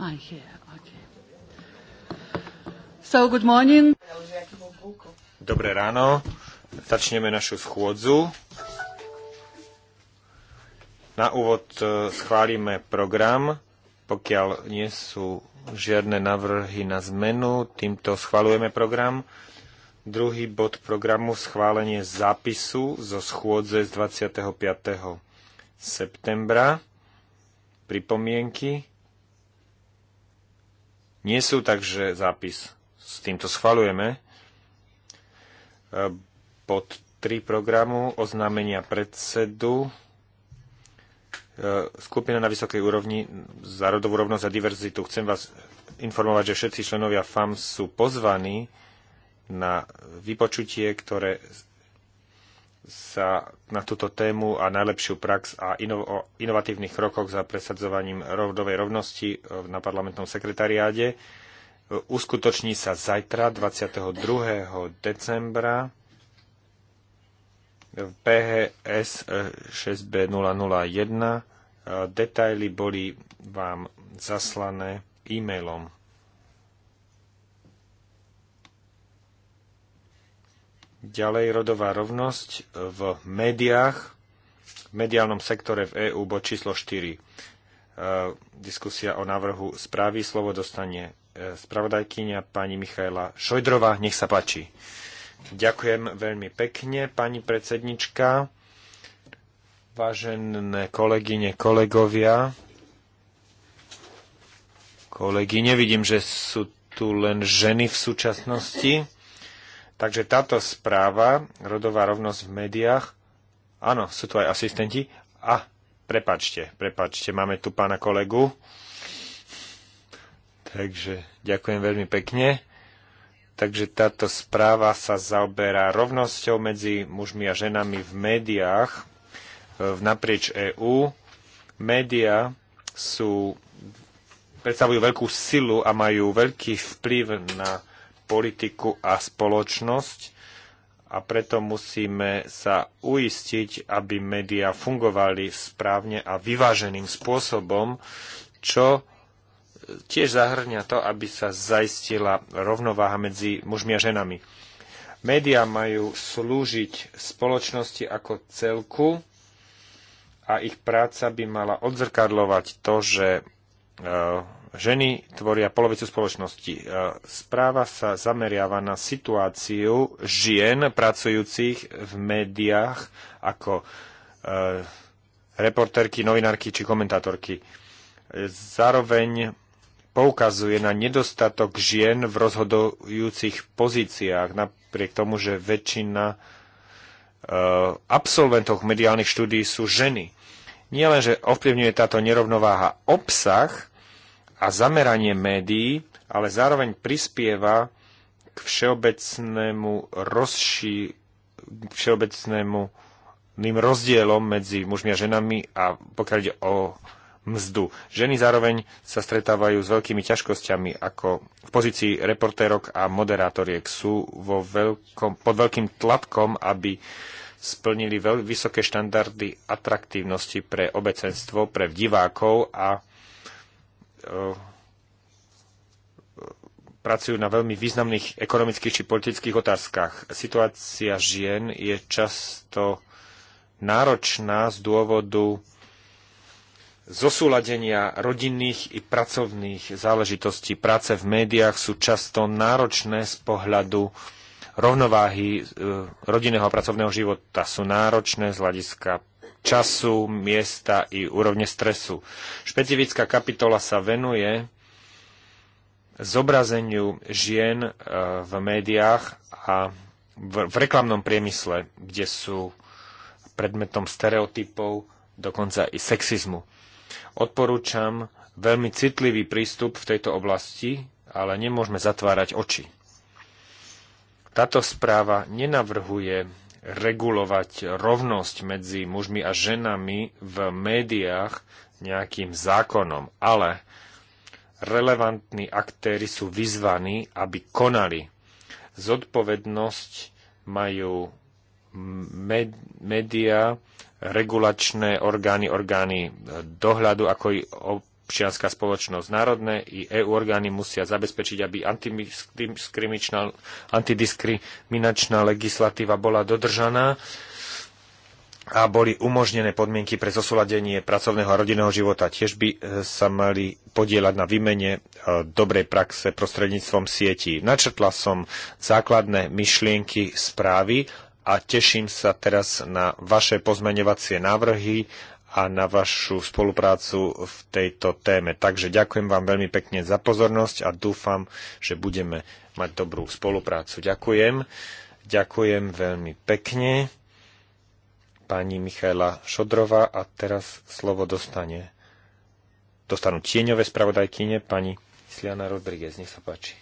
Ah, okay. So, good morning. Dobré ráno. Začneme našu schôdzu. Na úvod e, schválime program. Pokiaľ nie sú žiadne navrhy na zmenu, týmto schválujeme program. Druhý bod programu schválenie zápisu zo schôdze z 25. septembra. Pripomienky nie sú, takže zápis s týmto schvalujeme. Ehm, pod 3 programu oznámenia predsedu ehm, skupina na vysokej úrovni za rodovú rovnosť a diverzitu. Chcem vás informovať, že všetci členovia FAM sú pozvaní na vypočutie, ktoré sa na túto tému a najlepšiu prax a ino- o inovatívnych krokoch za presadzovaním rodovej rovnosti e, na parlamentnom sekretariáde. E, uskutoční sa zajtra 22. decembra v PHS 6B001. E, detaily boli vám zaslané e-mailom. Ďalej rodová rovnosť v médiách, v mediálnom sektore v EÚ, bod číslo 4. E, diskusia o návrhu správy. Slovo dostane e, spravodajkynia pani Michaela Šojdrová. Nech sa páči. Ďakujem veľmi pekne, pani predsednička. Vážené kolegyne, kolegovia, kolegy, nevidím, že sú tu len ženy v súčasnosti. Takže táto správa, rodová rovnosť v médiách, áno, sú tu aj asistenti. A, prepačte, prepačte, máme tu pána kolegu. Takže ďakujem veľmi pekne. Takže táto správa sa zaoberá rovnosťou medzi mužmi a ženami v médiách e, v naprieč EÚ. Média sú, predstavujú veľkú silu a majú veľký vplyv na politiku a spoločnosť a preto musíme sa uistiť, aby médiá fungovali správne a vyváženým spôsobom, čo tiež zahrňa to, aby sa zaistila rovnováha medzi mužmi a ženami. Média majú slúžiť spoločnosti ako celku a ich práca by mala odzrkadlovať to, že e, Ženy tvoria polovicu spoločnosti. E, správa sa zameriava na situáciu žien pracujúcich v médiách ako e, reportérky, novinárky či komentátorky. Zároveň poukazuje na nedostatok žien v rozhodujúcich pozíciách, napriek tomu, že väčšina e, absolventov mediálnych štúdí sú ženy. Nie len, že ovplyvňuje táto nerovnováha obsah, a zameranie médií, ale zároveň prispieva k všeobecnému rozší, k všeobecnému ným rozdielom medzi mužmi a ženami a pokiaľ ide o mzdu. Ženy zároveň sa stretávajú s veľkými ťažkosťami, ako v pozícii reportérok a moderátoriek sú vo veľkom, pod veľkým tlakom, aby splnili veľ, vysoké štandardy atraktívnosti pre obecenstvo, pre divákov a Eh, pracujú na veľmi významných ekonomických či politických otázkach. Situácia žien je často náročná z dôvodu zosúladenia rodinných i pracovných záležitostí. Práce v médiách sú často náročné z pohľadu rovnováhy eh, rodinného a pracovného života. Sú náročné z hľadiska času, miesta i úrovne stresu. Špecifická kapitola sa venuje zobrazeniu žien e, v médiách a v reklamnom priemysle, kde sú predmetom stereotypov, dokonca i sexizmu. Odporúčam veľmi citlivý prístup v tejto oblasti, ale nemôžeme zatvárať oči. Táto správa nenavrhuje regulovať rovnosť medzi mužmi a ženami v médiách nejakým zákonom, ale relevantní aktéry sú vyzvaní, aby konali. Zodpovednosť majú med- médiá, regulačné orgány, orgány dohľadu, ako i občianská spoločnosť. Národné i EU orgány musia zabezpečiť, aby antidiskriminačná legislatíva bola dodržaná a boli umožnené podmienky pre zosúladenie pracovného a rodinného života. Tiež by e, sa mali podielať na výmene e, dobrej praxe prostredníctvom sietí. Načrtla som základné myšlienky správy a teším sa teraz na vaše pozmeňovacie návrhy a na vašu spoluprácu v tejto téme. Takže ďakujem vám veľmi pekne za pozornosť a dúfam, že budeme mať dobrú spoluprácu. Ďakujem. Ďakujem veľmi pekne pani Michaela Šodrova a teraz slovo dostane dostanú tieňové spravodajkyne pani Sliana Rodriguez. Nech sa páči.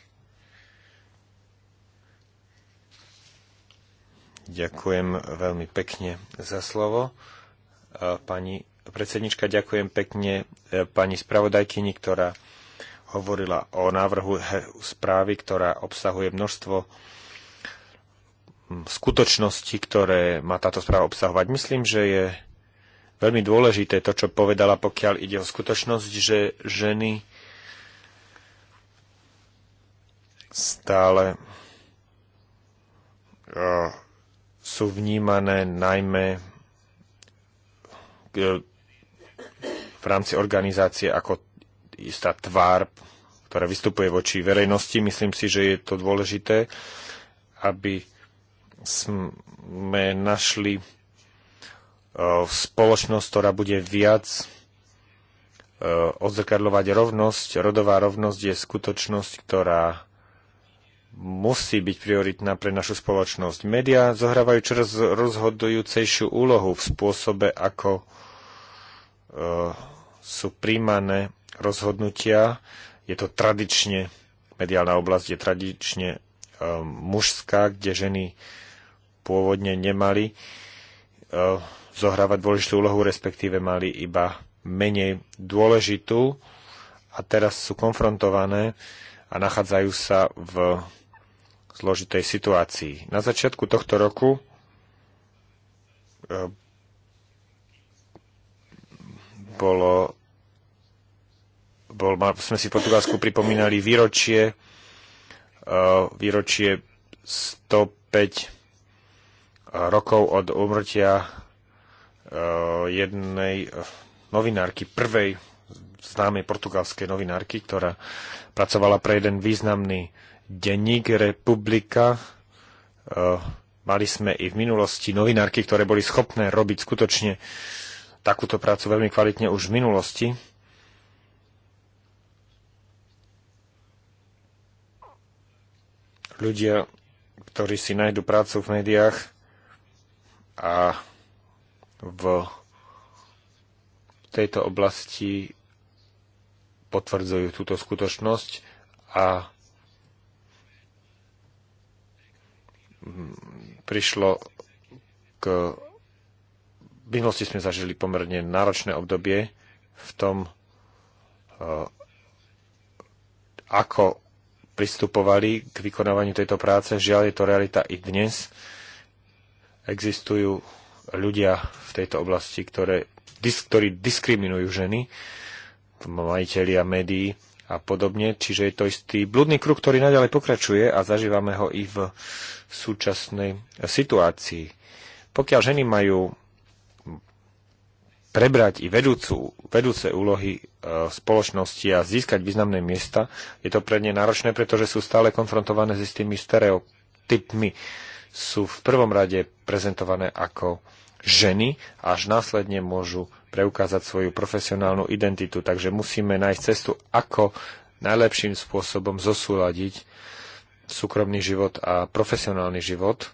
Ďakujem veľmi pekne za slovo pani predsednička, ďakujem pekne e, pani spravodajkyni, ktorá hovorila o návrhu správy, ktorá obsahuje množstvo skutočností, ktoré má táto správa obsahovať. Myslím, že je veľmi dôležité to, čo povedala, pokiaľ ide o skutočnosť, že ženy stále e, sú vnímané najmä E, v rámci organizácie ako istá tvár, ktorá vystupuje voči verejnosti. Myslím si, že je to dôležité, aby sme našli e, spoločnosť, ktorá bude viac e, odzrkadľovať rovnosť. Rodová rovnosť je skutočnosť, ktorá musí byť prioritná pre našu spoločnosť. Média zohrávajú čoraz rozhodujúcejšiu úlohu v spôsobe, ako uh, sú príjmané rozhodnutia. Je to tradične, mediálna oblasť je tradične uh, mužská, kde ženy pôvodne nemali uh, zohrávať dôležitú úlohu, respektíve mali iba menej dôležitú a teraz sú konfrontované a nachádzajú sa v zložitej situácii. Na začiatku tohto roku eh, bolo, bol, sme si v Portugalsku pripomínali výročie, eh, výročie 105 eh, rokov od umrtia jednej novinárky, prvej známej portugalskej novinárky, ktorá pracovala pre jeden významný denník Republika. Eh, mali sme i v minulosti novinárky, ktoré boli schopné robiť skutočne takúto prácu veľmi kvalitne už v minulosti. Ľudia, ktorí si nájdu prácu v médiách a v tejto oblasti potvrdzujú túto skutočnosť a prišlo k... V minulosti sme zažili pomerne náročné obdobie v tom, eh, ako pristupovali k vykonávaniu tejto práce. Žiaľ, je to realita i dnes. Existujú ľudia v tejto oblasti, ktoré, ktorí diskriminujú ženy, majiteľia médií, a podobne. Čiže je to istý blúdny kruh, ktorý naďalej pokračuje a zažívame ho i v súčasnej situácii. Pokiaľ ženy majú prebrať i vedúcu, vedúce úlohy e, spoločnosti a získať významné miesta, je to pre ne náročné, pretože sú stále konfrontované s istými stereotypmi. Sú v prvom rade prezentované ako ženy, až následne môžu preukázať svoju profesionálnu identitu. Takže musíme nájsť cestu, ako najlepším spôsobom zosúľadiť súkromný život a profesionálny život.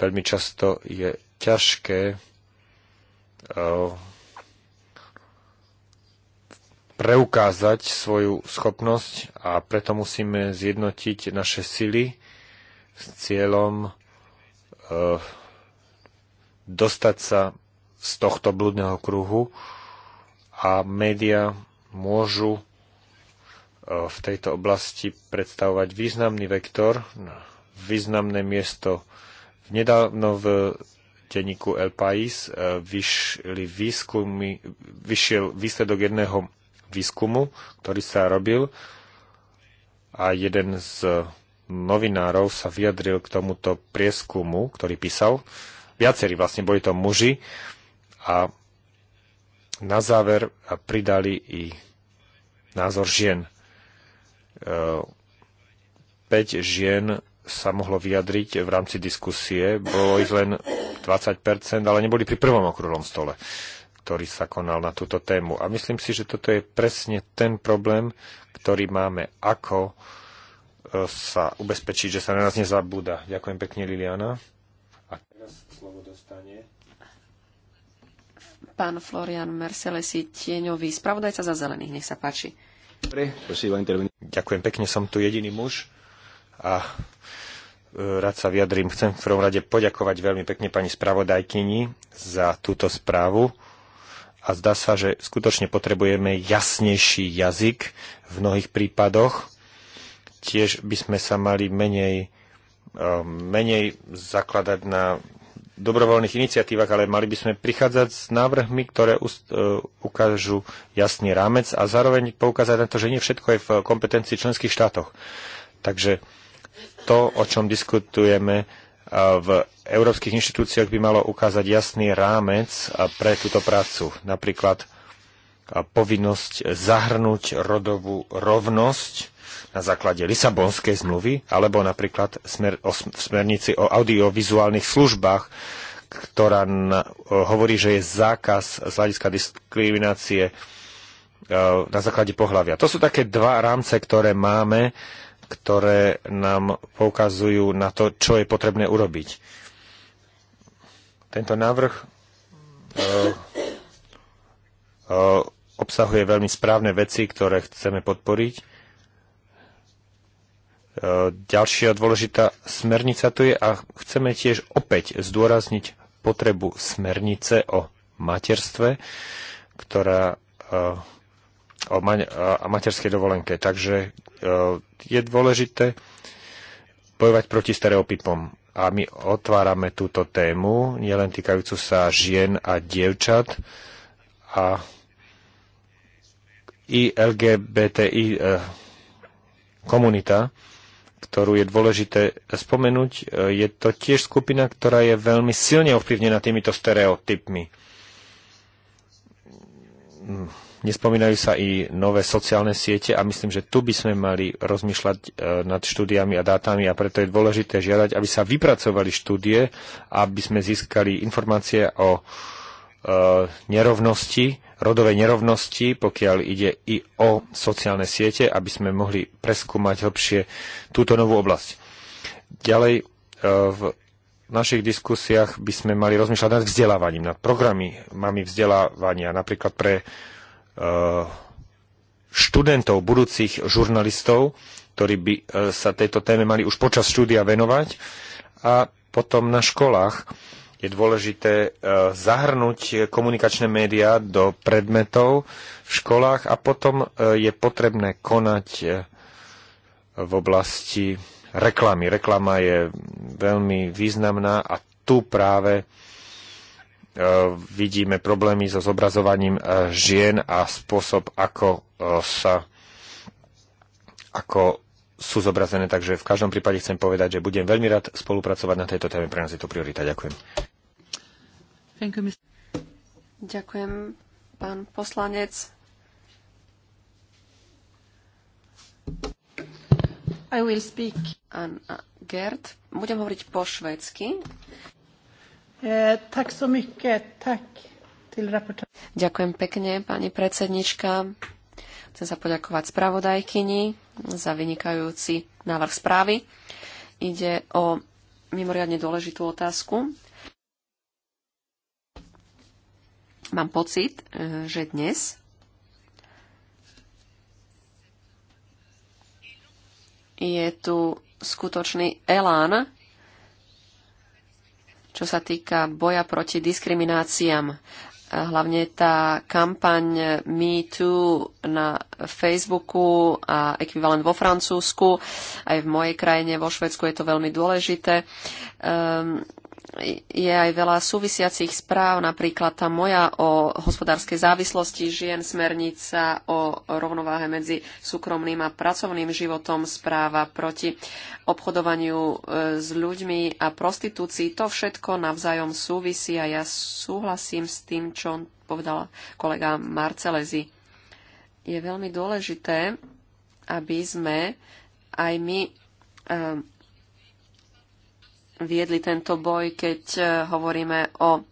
Veľmi často je ťažké eh, preukázať svoju schopnosť a preto musíme zjednotiť naše sily s cieľom eh, dostať sa z tohto blúdneho kruhu a média môžu e, v tejto oblasti predstavovať významný vektor, významné miesto. Nedávno v denníku El Pais e, vyšli výskumy, vyšiel výsledok jedného výskumu, ktorý sa robil a jeden z novinárov sa vyjadril k tomuto prieskumu, ktorý písal. Viacerí vlastne boli to muži a na záver pridali i názor žien. 5 e, žien sa mohlo vyjadriť v rámci diskusie, bolo ich len 20%, ale neboli pri prvom okrúhlom stole, ktorý sa konal na túto tému. A myslím si, že toto je presne ten problém, ktorý máme, ako e, sa ubezpečiť, že sa na nás nezabúda. Ďakujem pekne, Liliana. A teraz slovo dostane Pán Florian Merselesi, tieňový spravodajca za zelených, nech sa páči. Ďakujem pekne, som tu jediný muž a e, rád sa vyjadrím. Chcem v prvom rade poďakovať veľmi pekne pani spravodajkyni za túto správu a zdá sa, že skutočne potrebujeme jasnejší jazyk v mnohých prípadoch. Tiež by sme sa mali menej, e, menej zakladať na dobrovoľných iniciatívach, ale mali by sme prichádzať s návrhmi, ktoré e, ukážu jasný rámec a zároveň poukázať na to, že nie všetko je v kompetencii členských štátoch. Takže to, o čom diskutujeme e, v európskych inštitúciách, by malo ukázať jasný rámec e, pre túto prácu. Napríklad povinnosť zahrnúť rodovú rovnosť na základe Lisabonskej zmluvy, alebo napríklad smer, o, v smernici o audiovizuálnych službách, ktorá na, o, hovorí, že je zákaz z hľadiska diskriminácie o, e, na základe pohľavia. To sú také dva rámce, ktoré máme, ktoré nám poukazujú na to, čo je potrebné urobiť. Tento návrh o, e, e, obsahuje veľmi správne veci, ktoré chceme podporiť Ďalšia dôležitá smernica tu je a chceme tiež opäť zdôrazniť potrebu smernice o materstve, ktorá eh, o materskej dovolenke. Takže eh, je dôležité bojovať proti stereotypom. A my otvárame túto tému, nielen týkajúcu sa žien a dievčat a i LGBTI eh, komunita ktorú je dôležité spomenúť. E, je to tiež skupina, ktorá je veľmi silne ovplyvnená týmito stereotypmi. Mm, nespomínajú sa i nové sociálne siete a myslím, že tu by sme mali rozmýšľať e, nad štúdiami a dátami a preto je dôležité žiadať, aby sa vypracovali štúdie, aby sme získali informácie o Eh, nerovnosti, rodovej nerovnosti, pokiaľ ide i o sociálne siete, aby sme mohli preskúmať hlbšie túto novú oblasť. Ďalej eh, v našich diskusiách by sme mali rozmýšľať nad vzdelávaním, nad programy mami vzdelávania, napríklad pre eh, študentov, budúcich žurnalistov, ktorí by sa tejto téme mali už počas štúdia venovať a potom na školách je dôležité e, zahrnúť komunikačné médiá do predmetov v školách a potom e, je potrebné konať e, v oblasti reklamy. Reklama je veľmi významná a tu práve vidíme problémy so zobrazovaním žien a spôsob, ako sa ako sú zobrazené, takže v každom prípade chcem povedať, že budem veľmi rád spolupracovať na tejto téme, pre nás je to priorita. Ďakujem. Ďakujem, pán poslanec. I will speak. Gerd. Budem hovoriť po švedsky. E, tak so Ďakujem pekne, pani predsednička. Chcem sa poďakovať spravodajkyni za vynikajúci návrh správy. Ide o mimoriadne dôležitú otázku. Mám pocit, e, že dnes je tu skutočný elán, čo sa týka boja proti diskrimináciám. E, hlavne tá kampaň Me Too na Facebooku a ekvivalent vo Francúzsku, aj v mojej krajine, vo Švedsku je to veľmi dôležité. Um, je aj veľa súvisiacich správ, napríklad tá moja o hospodárskej závislosti žien, smernica o rovnováhe medzi súkromným a pracovným životom, správa proti obchodovaniu e, s ľuďmi a prostitúcii. To všetko navzájom súvisí a ja súhlasím s tým, čo povedala kolega Marcelezi. Je veľmi dôležité, aby sme aj my um, viedli tento boj, keď e, hovoríme o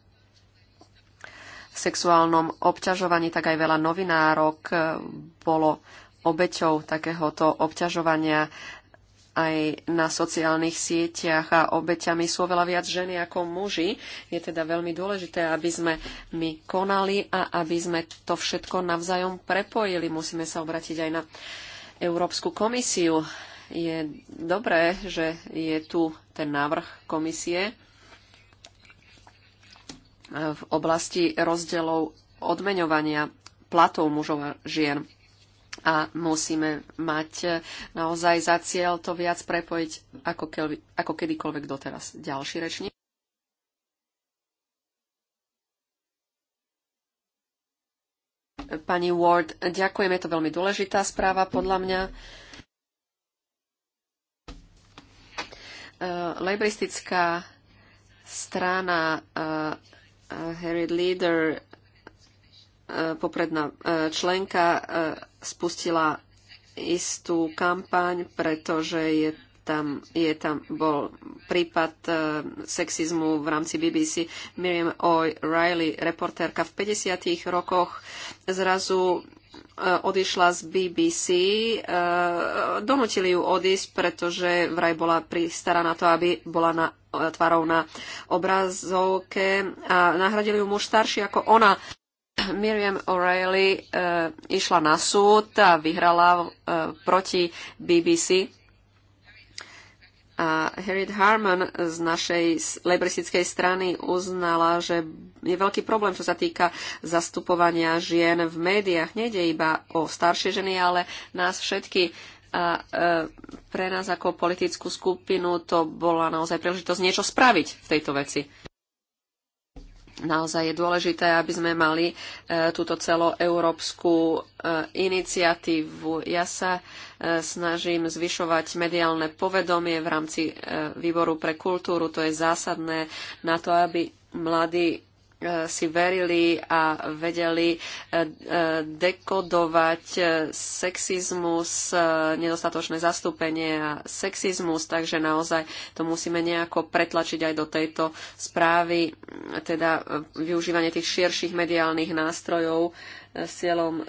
sexuálnom obťažovaní, tak aj veľa novinárok e, bolo obeťou takéhoto obťažovania aj na sociálnych sieťach a obeťami sú oveľa viac ženy ako muži. Je teda veľmi dôležité, aby sme my konali a aby sme to všetko navzájom prepojili. Musíme sa obratiť aj na Európsku komisiu je dobré, že je tu ten návrh komisie v oblasti rozdielov odmeňovania platov mužov a žien. A musíme mať naozaj za cieľ to viac prepojiť ako, keľ, ako kedykoľvek doteraz. Ďalší rečník. Pani Ward, ďakujeme, je to veľmi dôležitá správa podľa mňa. Eh, Lebristická strana eh, Harriet Leader, eh, popredná členka, spustila istú kampaň, pretože je tam, je tam bol prípad uh, sexizmu v rámci BBC. Miriam O'Reilly, reportérka v 50. rokoch, zrazu E, odišla z BBC, e, donútili ju odísť, pretože vraj bola pristará na to, aby bola na, e, tvarov na obrazovke a nahradili ju muž starší ako ona. Miriam O'Reilly e, išla na súd a vyhrala e, proti BBC a Harriet Harman z našej lejbristickej strany uznala, že je veľký problém, čo sa týka zastupovania žien v médiách. Nejde iba o staršie ženy, ale nás všetky. A e, pre nás ako politickú skupinu to bola naozaj príležitosť niečo spraviť v tejto veci naozaj je dôležité, aby sme mali e, túto celoeurópsku e, iniciatívu. Ja sa e, snažím zvyšovať mediálne povedomie v rámci výboru pre kultúru. To je zásadné na to, aby mladí E, si verili a vedeli e, e, dekodovať sexizmus, nedostatočné zastúpenie a sexizmus, takže naozaj to musíme nejako pretlačiť aj do tejto správy, teda využívanie tých širších mediálnych nástrojov E, s cieľom e,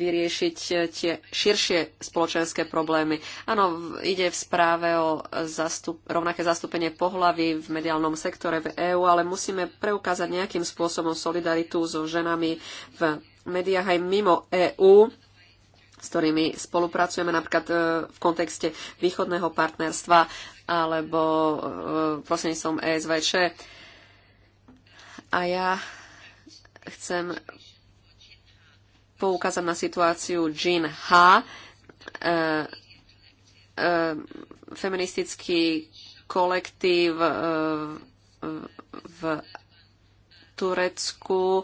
vyriešiť tie širšie spoločenské problémy. Áno, ide v správe o zastup, rovnaké zastúpenie pohlavy v mediálnom sektore v EÚ, ale musíme preukázať nejakým spôsobom solidaritu so ženami v médiách aj mimo EÚ s ktorými spolupracujeme napríklad e, v kontexte východného partnerstva alebo som ESVČ. A ja chcem poukázať na situáciu Jean H., e, e, feministický kolektív e, v Turecku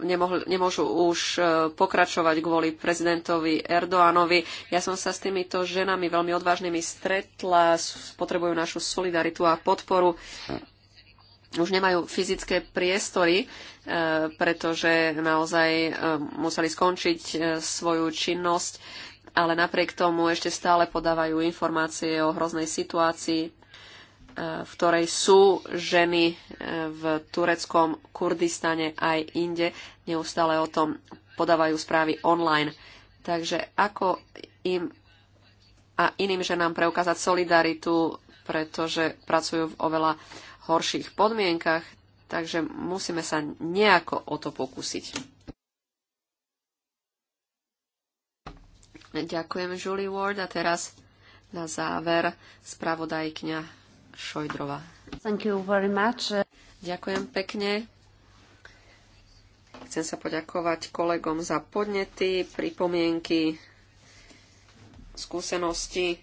nemohol, nemôžu už pokračovať kvôli prezidentovi Erdoánovi. Ja som sa s týmito ženami veľmi odvážnymi stretla, potrebujú našu solidaritu a podporu už nemajú fyzické priestory, e, pretože naozaj e, museli skončiť e, svoju činnosť, ale napriek tomu ešte stále podávajú informácie o hroznej situácii, v ktorej sú ženy v tureckom Kurdistane aj inde. Neustále o tom podávajú správy online. Takže ako im a iným ženám preukázať solidaritu pretože pracujú v oveľa horších podmienkach, takže musíme sa nejako o to pokúsiť. Ďakujem, Julie Ward. A teraz na záver spravodajkňa Šojdrova. Thank you very much. Ďakujem pekne. Chcem sa poďakovať kolegom za podnety, pripomienky, skúsenosti.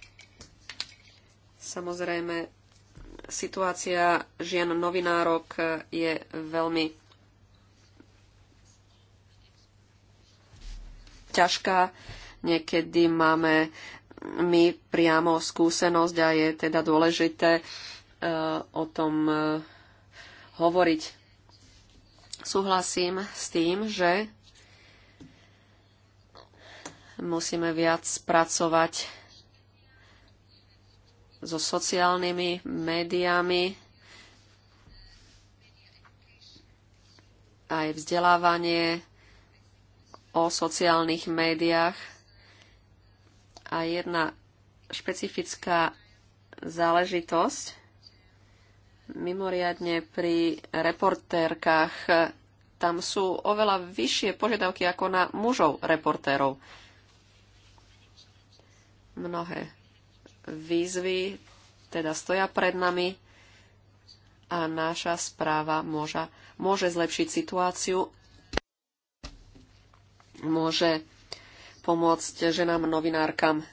Samozrejme, situácia žien novinárok je veľmi ťažká. Niekedy máme my priamo skúsenosť a je teda dôležité e, o tom e, hovoriť. Súhlasím s tým, že musíme viac pracovať so sociálnymi médiami, aj vzdelávanie o sociálnych médiách. A jedna špecifická záležitosť, mimoriadne pri reportérkach, tam sú oveľa vyššie požiadavky ako na mužov reportérov. Mnohé výzvy teda stoja pred nami a naša správa môže, môže zlepšiť situáciu, môže pomôcť ženám novinárkam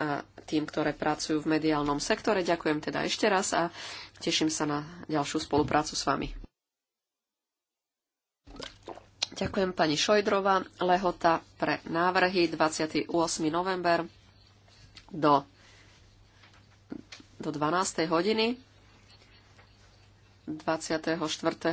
a tým, ktoré pracujú v mediálnom sektore. Ďakujem teda ešte raz a teším sa na ďalšiu spoluprácu s vami. Ďakujem pani Šojdrova. Lehota pre návrhy 28. november do, do 12. hodiny. 24.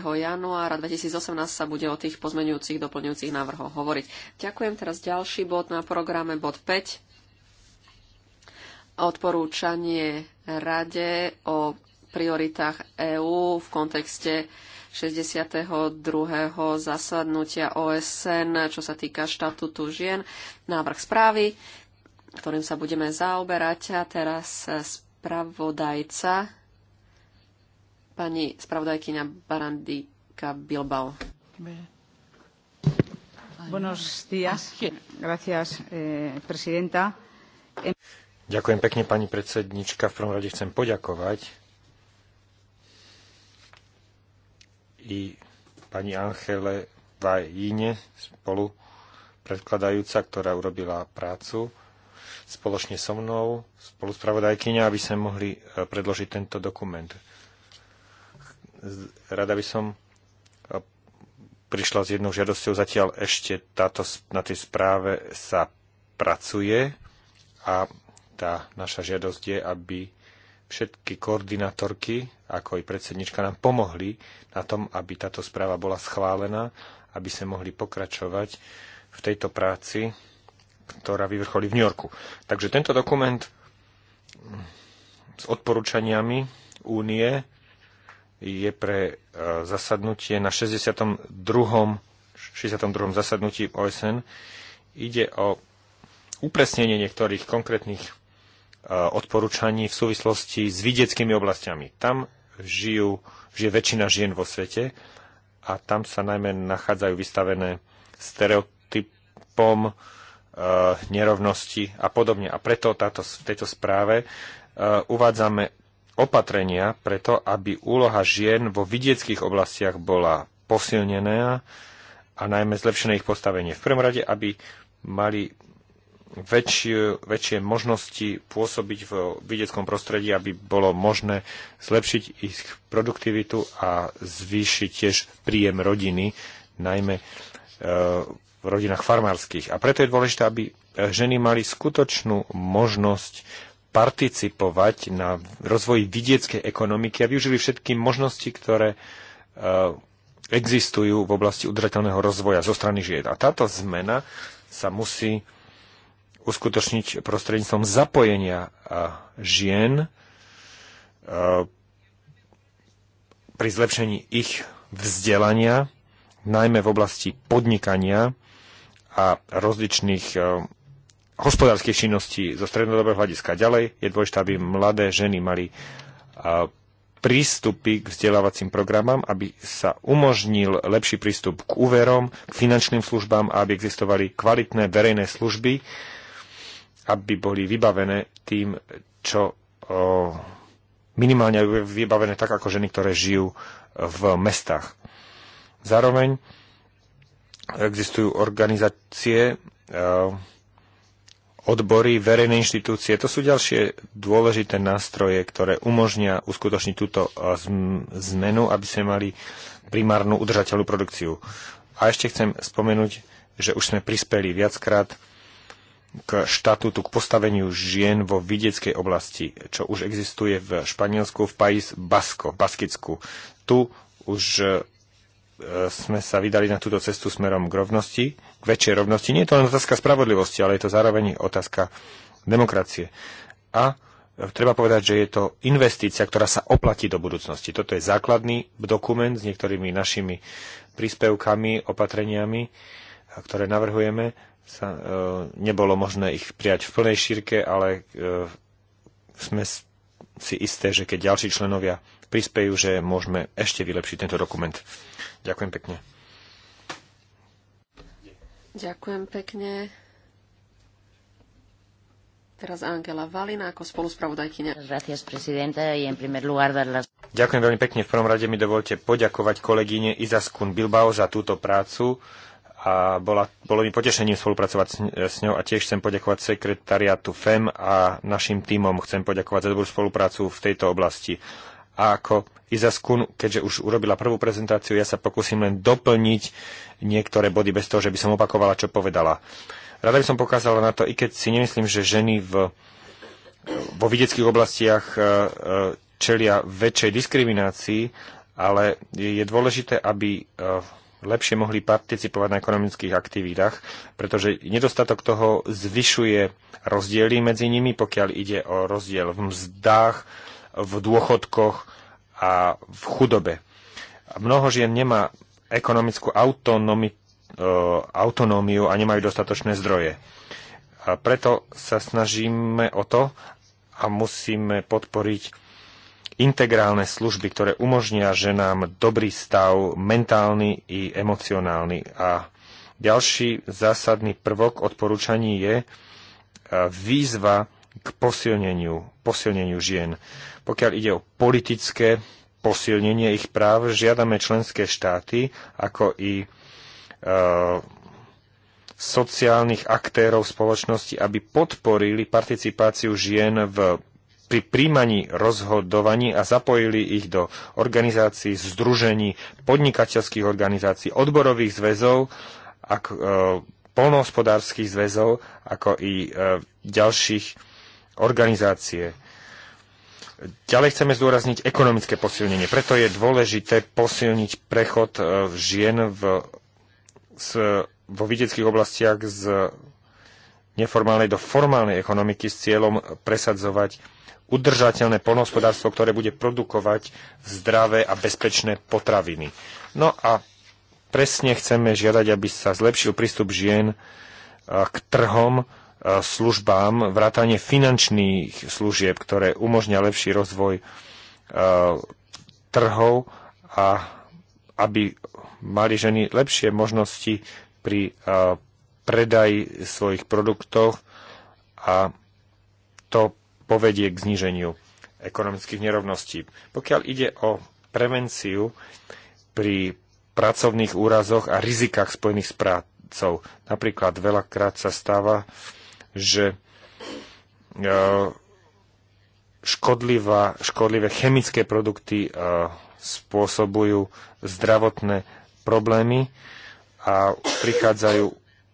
januára 2018 sa bude o tých pozmenujúcich doplňujúcich návrhoch hovoriť. Ďakujem teraz ďalší bod na programe, bod 5. Odporúčanie Rade o prioritách EÚ v kontexte 62. zasadnutia OSN, čo sa týka štatutu žien, návrh správy, ktorým sa budeme zaoberať. A teraz spravodajca, pani spravodajkyňa Barandika Bilbao. Eh, Ďakujem pekne, pani predsednička. V prvom rade chcem poďakovať i pani Angele Vajine spolu predkladajúca, ktorá urobila prácu spoločne so mnou, spoluspravodajkyňa, aby sme mohli e, predložiť tento dokument. Rada by som e, prišla s jednou žiadosťou. Zatiaľ ešte táto, na tej správe sa pracuje a tá naša žiadosť je, aby všetky koordinátorky, ako aj predsednička, nám pomohli na tom, aby táto správa bola schválená, aby sme mohli pokračovať v tejto práci, ktorá vyvrcholí v New Yorku. Takže tento dokument s odporúčaniami únie je pre e, zasadnutie na 62. 62. zasadnutí OSN. Ide o upresnenie niektorých konkrétnych Eh, odporúčaní v súvislosti s vidieckými oblastiami. Tam žijú, žije väčšina žien vo svete a tam sa najmä nachádzajú vystavené stereotypom eh, nerovnosti a podobne. A preto táto, v tejto správe eh, uvádzame opatrenia preto, aby úloha žien vo vidieckých oblastiach bola posilnená a najmä zlepšené ich postavenie. V prvom rade, aby mali väčšie, väčšie možnosti pôsobiť v vedeckom prostredí, aby bolo možné zlepšiť ich produktivitu a zvýšiť tiež príjem rodiny, najmä e, v rodinách farmárskych. A preto je dôležité, aby ženy mali skutočnú možnosť participovať na rozvoji vidieckej ekonomiky a využili všetky možnosti, ktoré e, existujú v oblasti udržateľného rozvoja zo strany žien. A táto zmena sa musí uskutočniť prostredníctvom zapojenia žien pri zlepšení ich vzdelania, najmä v oblasti podnikania a rozličných hospodárskych činností zo strednodobého hľadiska. Ďalej je dôležité, aby mladé ženy mali prístupy k vzdelávacím programám, aby sa umožnil lepší prístup k úverom, k finančným službám a aby existovali kvalitné verejné služby, aby boli vybavené tým, čo minimálne vybavené tak ako ženy, ktoré žijú v mestách. Zároveň existujú organizácie, odbory, verejné inštitúcie. To sú ďalšie dôležité nástroje, ktoré umožnia uskutočniť túto zmenu, aby sme mali primárnu udržateľnú produkciu. A ešte chcem spomenúť, že už sme prispeli viackrát k štatútu, k postaveniu žien vo vidieckej oblasti, čo už existuje v Španielsku, v Pais Basko, Baskicku. Tu už e, sme sa vydali na túto cestu smerom k rovnosti, k väčšej rovnosti. Nie je to len otázka spravodlivosti, ale je to zároveň otázka demokracie. A e, treba povedať, že je to investícia, ktorá sa oplatí do budúcnosti. Toto je základný dokument s niektorými našimi príspevkami, opatreniami, ktoré navrhujeme sa, e, nebolo možné ich prijať v plnej šírke, ale e, sme si isté, že keď ďalší členovia prispejú, že môžeme ešte vylepšiť tento dokument. Ďakujem pekne. Ďakujem pekne. Teraz Angela Valina ako spoluspravodajkyňa. Ďakujem veľmi pekne. V prvom rade mi dovolte poďakovať kolegyne Izaskun Bilbao za túto prácu a bola, bolo mi potešením spolupracovať s, s ňou a tiež chcem poďakovať sekretariatu FEM a našim týmom chcem poďakovať za dobrú spoluprácu v tejto oblasti. A ako Iza Skun, keďže už urobila prvú prezentáciu, ja sa pokúsim len doplniť niektoré body bez toho, že by som opakovala, čo povedala. Rada by som pokázala na to, i keď si nemyslím, že ženy v, vo vidieckých oblastiach e, e, čelia väčšej diskriminácii, ale je dôležité, aby e, lepšie mohli participovať na ekonomických aktivitách, pretože nedostatok toho zvyšuje rozdiely medzi nimi, pokiaľ ide o rozdiel v mzdách, v dôchodkoch a v chudobe. Mnoho žien nemá ekonomickú autonomi, e, autonómiu a nemajú dostatočné zdroje. A preto sa snažíme o to a musíme podporiť integrálne služby, ktoré umožnia ženám dobrý stav mentálny i emocionálny. A ďalší zásadný prvok odporúčaní je e, výzva k posilneniu, posilneniu žien. Pokiaľ ide o politické posilnenie ich práv, žiadame členské štáty, ako i e, sociálnych aktérov spoločnosti, aby podporili participáciu žien v pri príjmaní rozhodovaní a zapojili ich do organizácií, združení, podnikateľských organizácií, odborových zväzov, ako, e, polnohospodárských zväzov, ako i e, ďalších organizácie. Ďalej chceme zdôrazniť ekonomické posilnenie. Preto je dôležité posilniť prechod e, žien v, s, vo vidieckých oblastiach z neformálnej do formálnej ekonomiky s cieľom presadzovať udržateľné polnohospodárstvo, ktoré bude produkovať zdravé a bezpečné potraviny. No a presne chceme žiadať, aby sa zlepšil prístup žien eh, k trhom, eh, službám, vrátanie finančných služieb, ktoré umožňa lepší rozvoj eh, trhov a aby mali ženy lepšie možnosti pri predaji svojich produktov a to povedie k zníženiu ekonomických nerovností. Pokiaľ ide o prevenciu pri pracovných úrazoch a rizikách spojených s prácou, napríklad veľakrát sa stáva, že e, škodlivá, škodlivé chemické produkty e, spôsobujú zdravotné problémy a prichádzajú,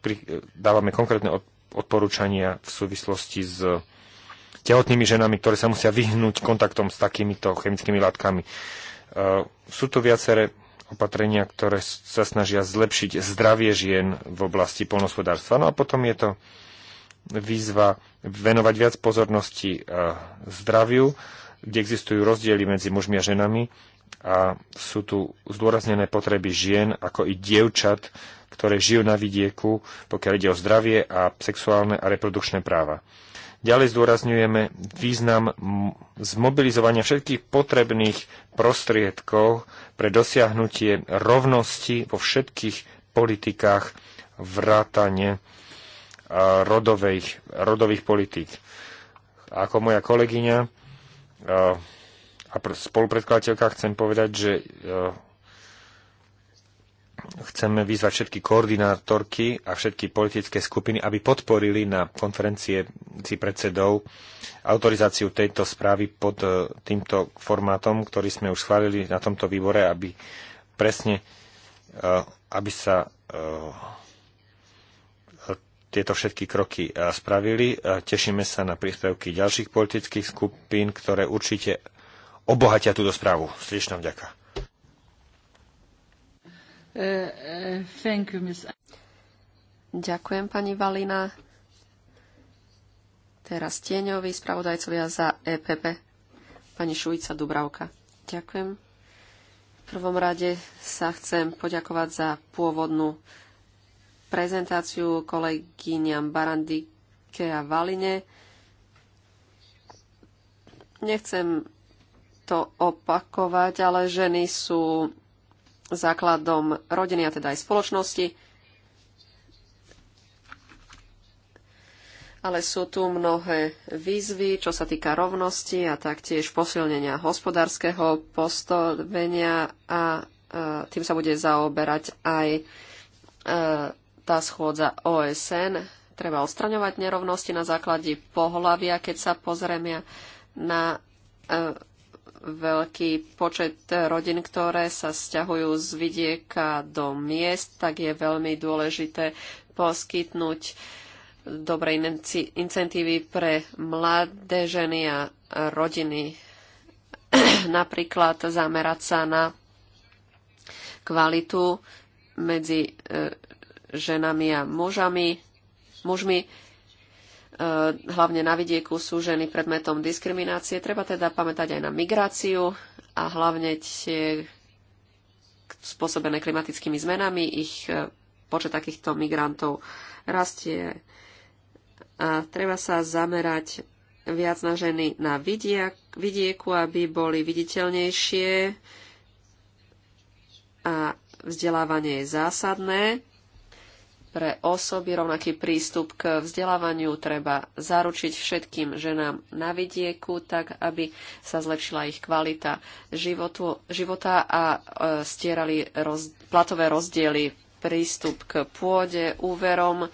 e, dávame konkrétne odporúčania v súvislosti s tehotnými ženami, ktoré sa musia vyhnúť kontaktom s takýmito chemickými látkami. E, sú tu viaceré opatrenia, ktoré sa snažia zlepšiť zdravie žien v oblasti polnospodárstva. No a potom je to výzva venovať viac pozornosti e, zdraviu, kde existujú rozdiely medzi mužmi a ženami a sú tu zdôraznené potreby žien ako i dievčat, ktoré žijú na vidieku, pokiaľ ide o zdravie a sexuálne a reprodukčné práva. Ďalej zdôrazňujeme význam zmobilizovania všetkých potrebných prostriedkov pre dosiahnutie rovnosti vo všetkých politikách vrátane e, rodových, rodových politík. Ako moja kolegyňa e, a spolupredkladateľka chcem povedať, že e, chceme vyzvať všetky koordinátorky a všetky politické skupiny, aby podporili na konferencie si predsedov autorizáciu tejto správy pod e, týmto formátom, ktorý sme už schválili na tomto výbore, aby presne, e, aby sa e, tieto všetky kroky spravili. Tešíme sa na príspevky ďalších politických skupín, ktoré určite obohatia túto správu. Sličná vďaka. Ďakujem, pani Valina. Teraz tieňovi spravodajcovia za EPP. Pani Šujica Dubravka. Ďakujem. V prvom rade sa chcem poďakovať za pôvodnú prezentáciu kolegyňam Barandike a Valine. Nechcem to opakovať, ale ženy sú základom rodiny a teda aj spoločnosti. Ale sú tu mnohé výzvy, čo sa týka rovnosti a taktiež posilnenia hospodárskeho postavenia a e, tým sa bude zaoberať aj e, tá schôdza OSN. Treba odstraňovať nerovnosti na základe pohľavia, keď sa pozrieme na e, veľký počet rodín, ktoré sa sťahujú z vidieka do miest, tak je veľmi dôležité poskytnúť dobré incentívy pre mladé ženy a rodiny. Napríklad zamerať sa na kvalitu medzi e, ženami a mužami, mužmi Eh, hlavne na vidieku sú ženy predmetom diskriminácie. Treba teda pamätať aj na migráciu a hlavne tie spôsobené klimatickými zmenami. Ich eh, počet takýchto migrantov rastie. A treba sa zamerať viac na ženy na vidieku, aby boli viditeľnejšie a vzdelávanie je zásadné pre osoby, rovnaký prístup k vzdelávaniu treba zaručiť všetkým ženám na vidieku, tak aby sa zlepšila ich kvalita životu, života a e, stierali roz, platové rozdiely, prístup k pôde, úverom,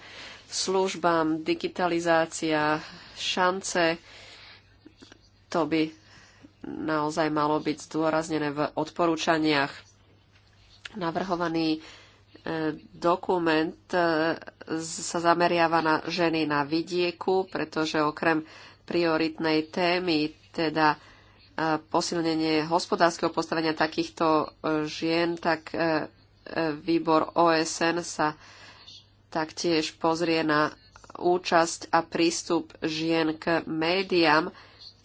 službám, digitalizácia, šance. To by naozaj malo byť zdôraznené v odporúčaniach. Navrhovaný dokument e, sa zameriava na ženy na vidieku, pretože okrem prioritnej témy, teda e, posilnenie hospodárskeho postavenia takýchto e, žien, tak výbor OSN sa taktiež pozrie na účasť a prístup žien k médiám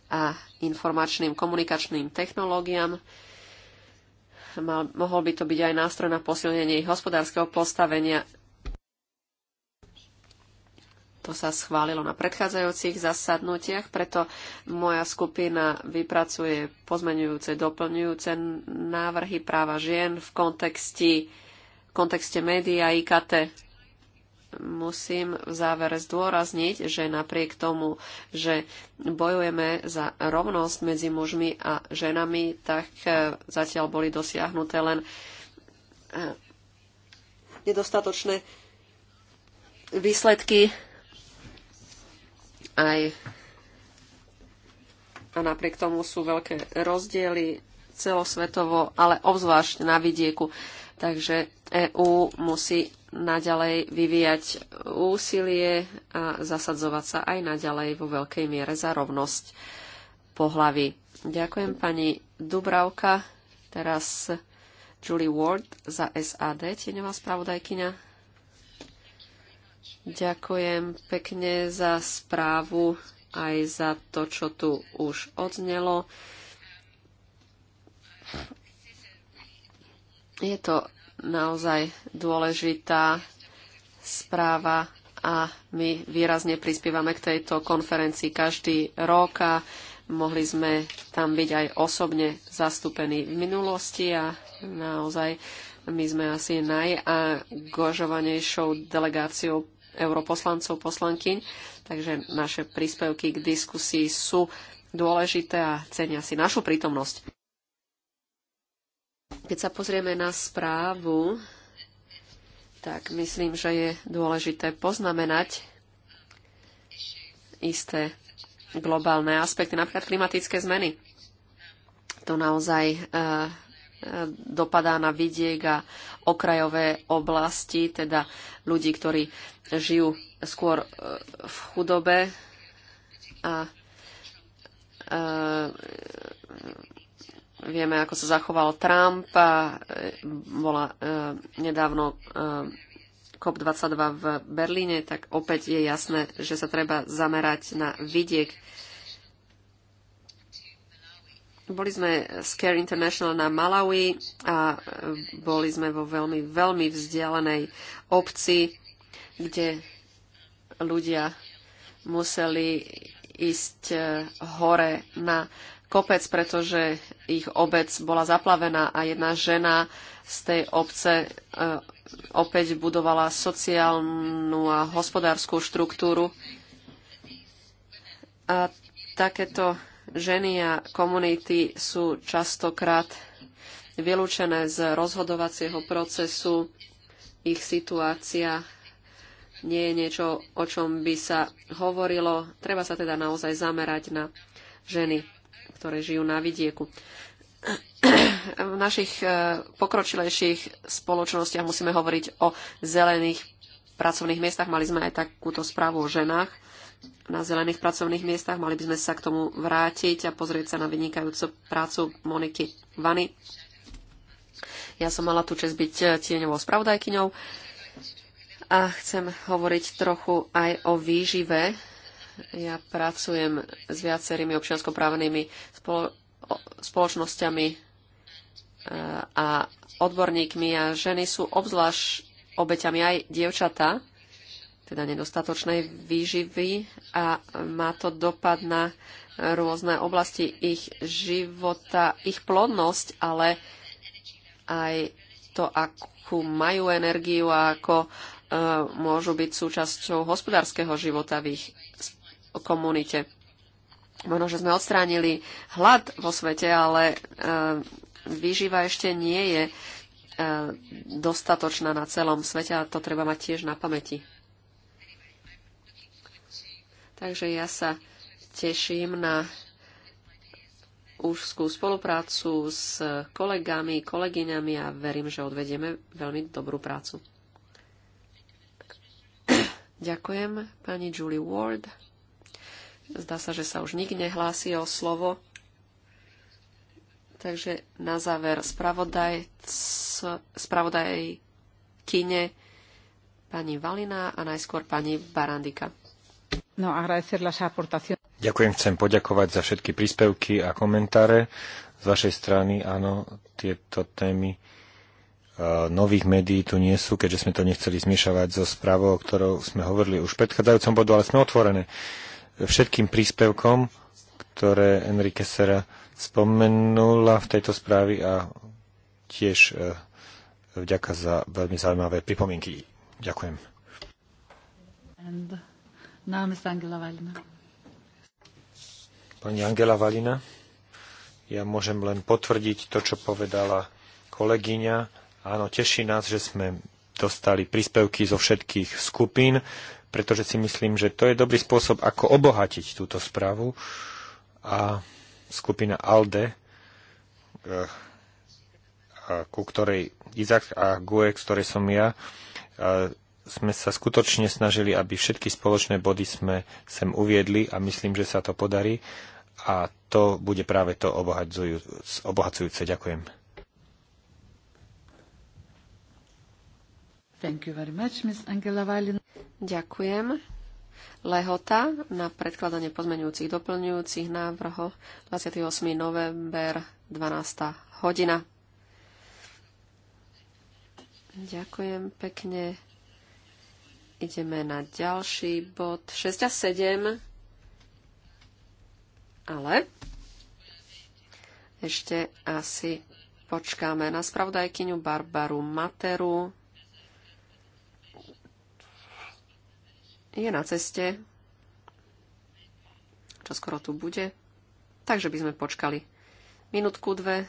a informačným komunikačným technológiám mohol by to byť aj nástroj na posilnenie ich hospodárskeho postavenia. To sa schválilo na predchádzajúcich zasadnutiach, preto moja skupina vypracuje pozmenujúce, doplňujúce návrhy práva žien v kontexte, kontexte médií a IKT musím v závere zdôrazniť, že napriek tomu, že bojujeme za rovnosť medzi mužmi a ženami, tak eh, zatiaľ boli dosiahnuté len eh, nedostatočné výsledky aj a napriek tomu sú veľké rozdiely celosvetovo, ale obzvlášť na vidieku. Takže EÚ musí naďalej vyvíjať úsilie a zasadzovať sa aj naďalej vo veľkej miere za rovnosť pohlavy. Ďakujem pani Dubravka, teraz Julie Ward za SAD, tieňová spravodajkyňa. Ďakujem pekne za správu aj za to, čo tu už odznelo. Je to naozaj dôležitá správa a my výrazne prispievame k tejto konferencii každý rok a mohli sme tam byť aj osobne zastúpení v minulosti a naozaj my sme asi najagožovanejšou delegáciou europoslancov, poslankyň, takže naše príspevky k diskusii sú dôležité a cenia si našu prítomnosť. Keď sa pozrieme na správu, tak myslím, že je dôležité poznamenať isté globálne aspekty, napríklad klimatické zmeny. To naozaj e, e, dopadá na vidiek a okrajové oblasti, teda ľudí, ktorí žijú skôr e, v chudobe a Vieme, ako sa zachoval Trump. A e, bola e, nedávno e, COP22 v Berlíne, tak opäť je jasné, že sa treba zamerať na vidiek. Boli sme z Care International na Malawi a boli sme vo veľmi, veľmi vzdialenej obci, kde ľudia museli ísť hore na kopec, pretože ich obec bola zaplavená a jedna žena z tej obce e, opäť budovala sociálnu a hospodárskú štruktúru. A takéto ženy a komunity sú častokrát vylúčené z rozhodovacieho procesu. Ich situácia nie je niečo, o čom by sa hovorilo. Treba sa teda naozaj zamerať na ženy ktoré žijú na vidieku. V našich e, pokročilejších spoločnostiach musíme hovoriť o zelených pracovných miestach. Mali sme aj takúto správu o ženách na zelených pracovných miestach. Mali by sme sa k tomu vrátiť a pozrieť sa na vynikajúcu prácu Moniky Vany. Ja som mala tu čest byť e, tieňovou spravodajkyňou a chcem hovoriť trochu aj o výžive ja pracujem s viacerými občianskoprávnymi spolo- spoločnosťami e, a odborníkmi a ženy sú obzvlášť obeťami aj dievčatá, teda nedostatočnej výživy a má to dopad na rôzne oblasti ich života, ich plodnosť, ale aj to, akú majú energiu a ako e, môžu byť súčasťou hospodárskeho života v ich komunite. Možno, že sme odstránili hlad vo svete, ale e, výživa ešte nie je e, dostatočná na celom svete a to treba mať tiež na pamäti. Takže ja sa teším na úzkú spoluprácu s kolegami, kolegyňami a verím, že odvedieme veľmi dobrú prácu. Ďakujem pani Julie Ward. Zdá sa, že sa už nik nehlási o slovo. Takže na záver spravodaj, spravodaj kine pani Valina a najskôr pani Barandika. No, Ďakujem, chcem poďakovať za všetky príspevky a komentáre z vašej strany. Áno, tieto témy e, nových médií tu nie sú, keďže sme to nechceli zmiešavať so správou, o ktorou sme hovorili už v predchádzajúcom bodu, ale sme otvorené všetkým príspevkom, ktoré Enrique Sera spomenula v tejto správy a tiež e, vďaka za veľmi zaujímavé pripomienky. Ďakujem. Angela Pani Angela Valina, ja môžem len potvrdiť to, čo povedala kolegyňa. Áno, teší nás, že sme dostali príspevky zo všetkých skupín pretože si myslím, že to je dobrý spôsob, ako obohatiť túto správu a skupina ALDE, eh, ku ktorej Izak a z ktorej som ja, eh, sme sa skutočne snažili, aby všetky spoločné body sme sem uviedli a myslím, že sa to podarí a to bude práve to obohacujúce. Ďakujem. Thank you very much, Ms. Ďakujem. Lehota na predkladanie pozmeňujúcich doplňujúcich návrhov 28. november 12. hodina. Ďakujem pekne. Ideme na ďalší bod 6 a 7. Ale ešte asi počkáme na spravodajkyňu Barbaru Materu je na ceste. Čo skoro tu bude. Takže by sme počkali minútku, dve.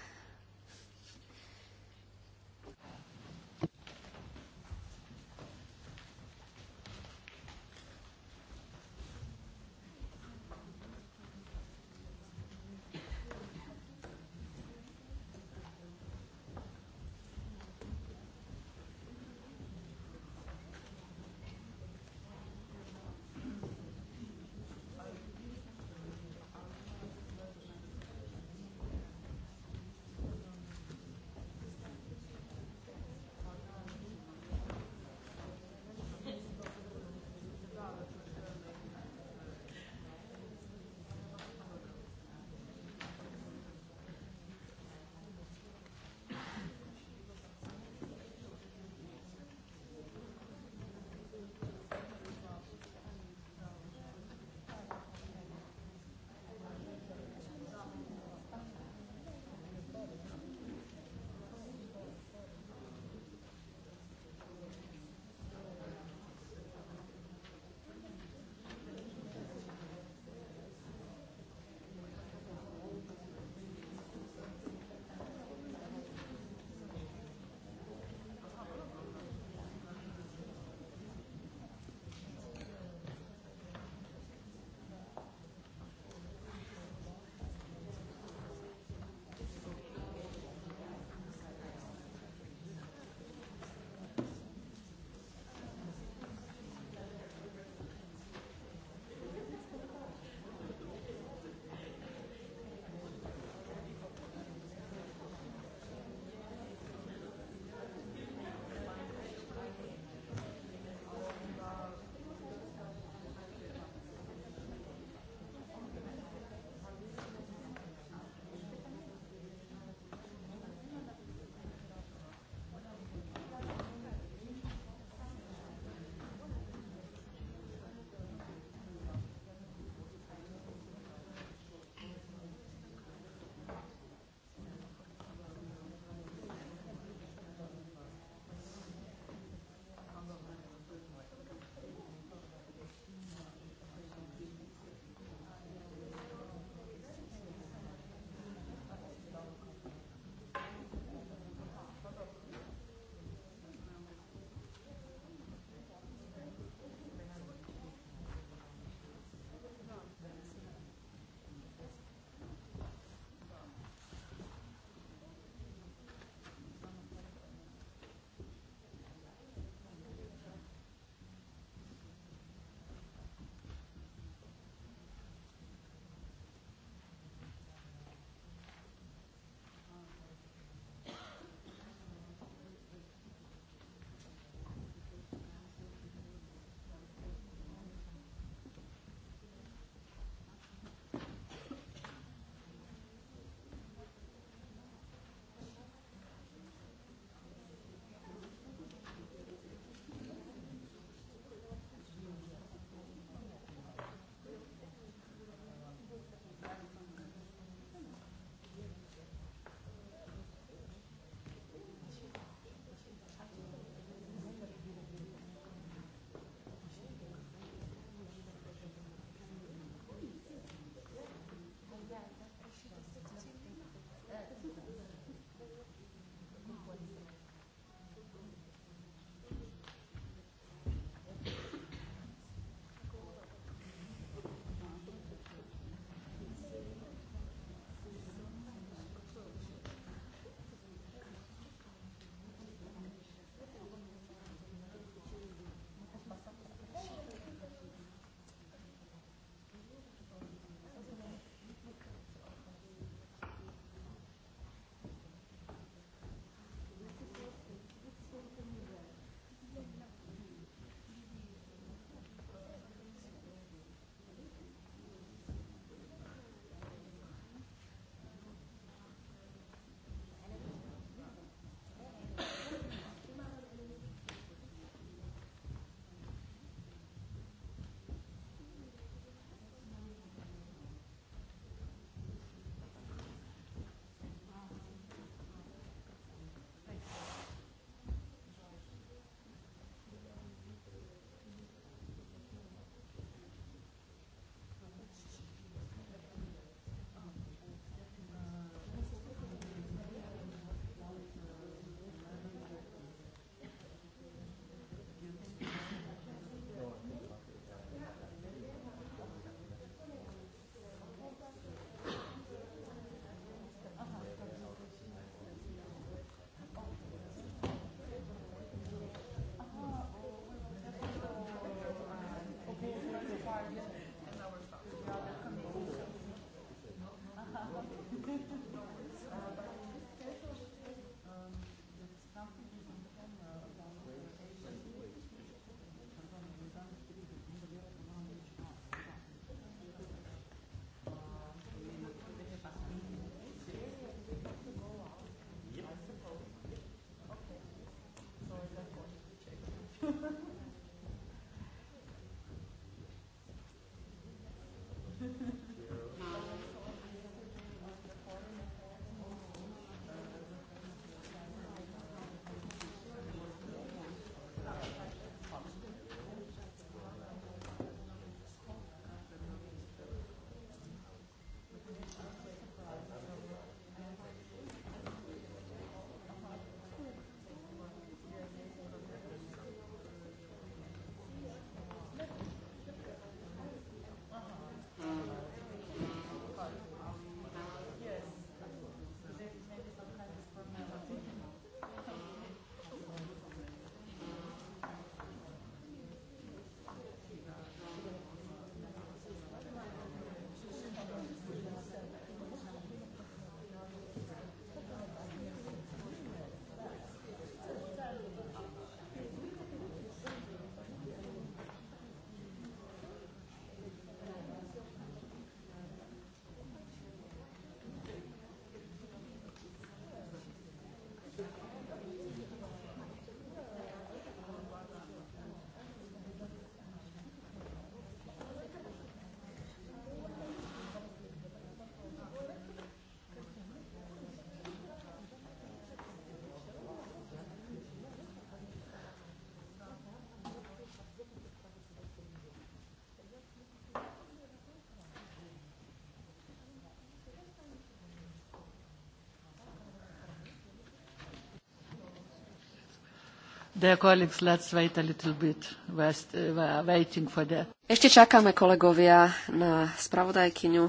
ešte čakáme kolegovia na spravodajkyňu.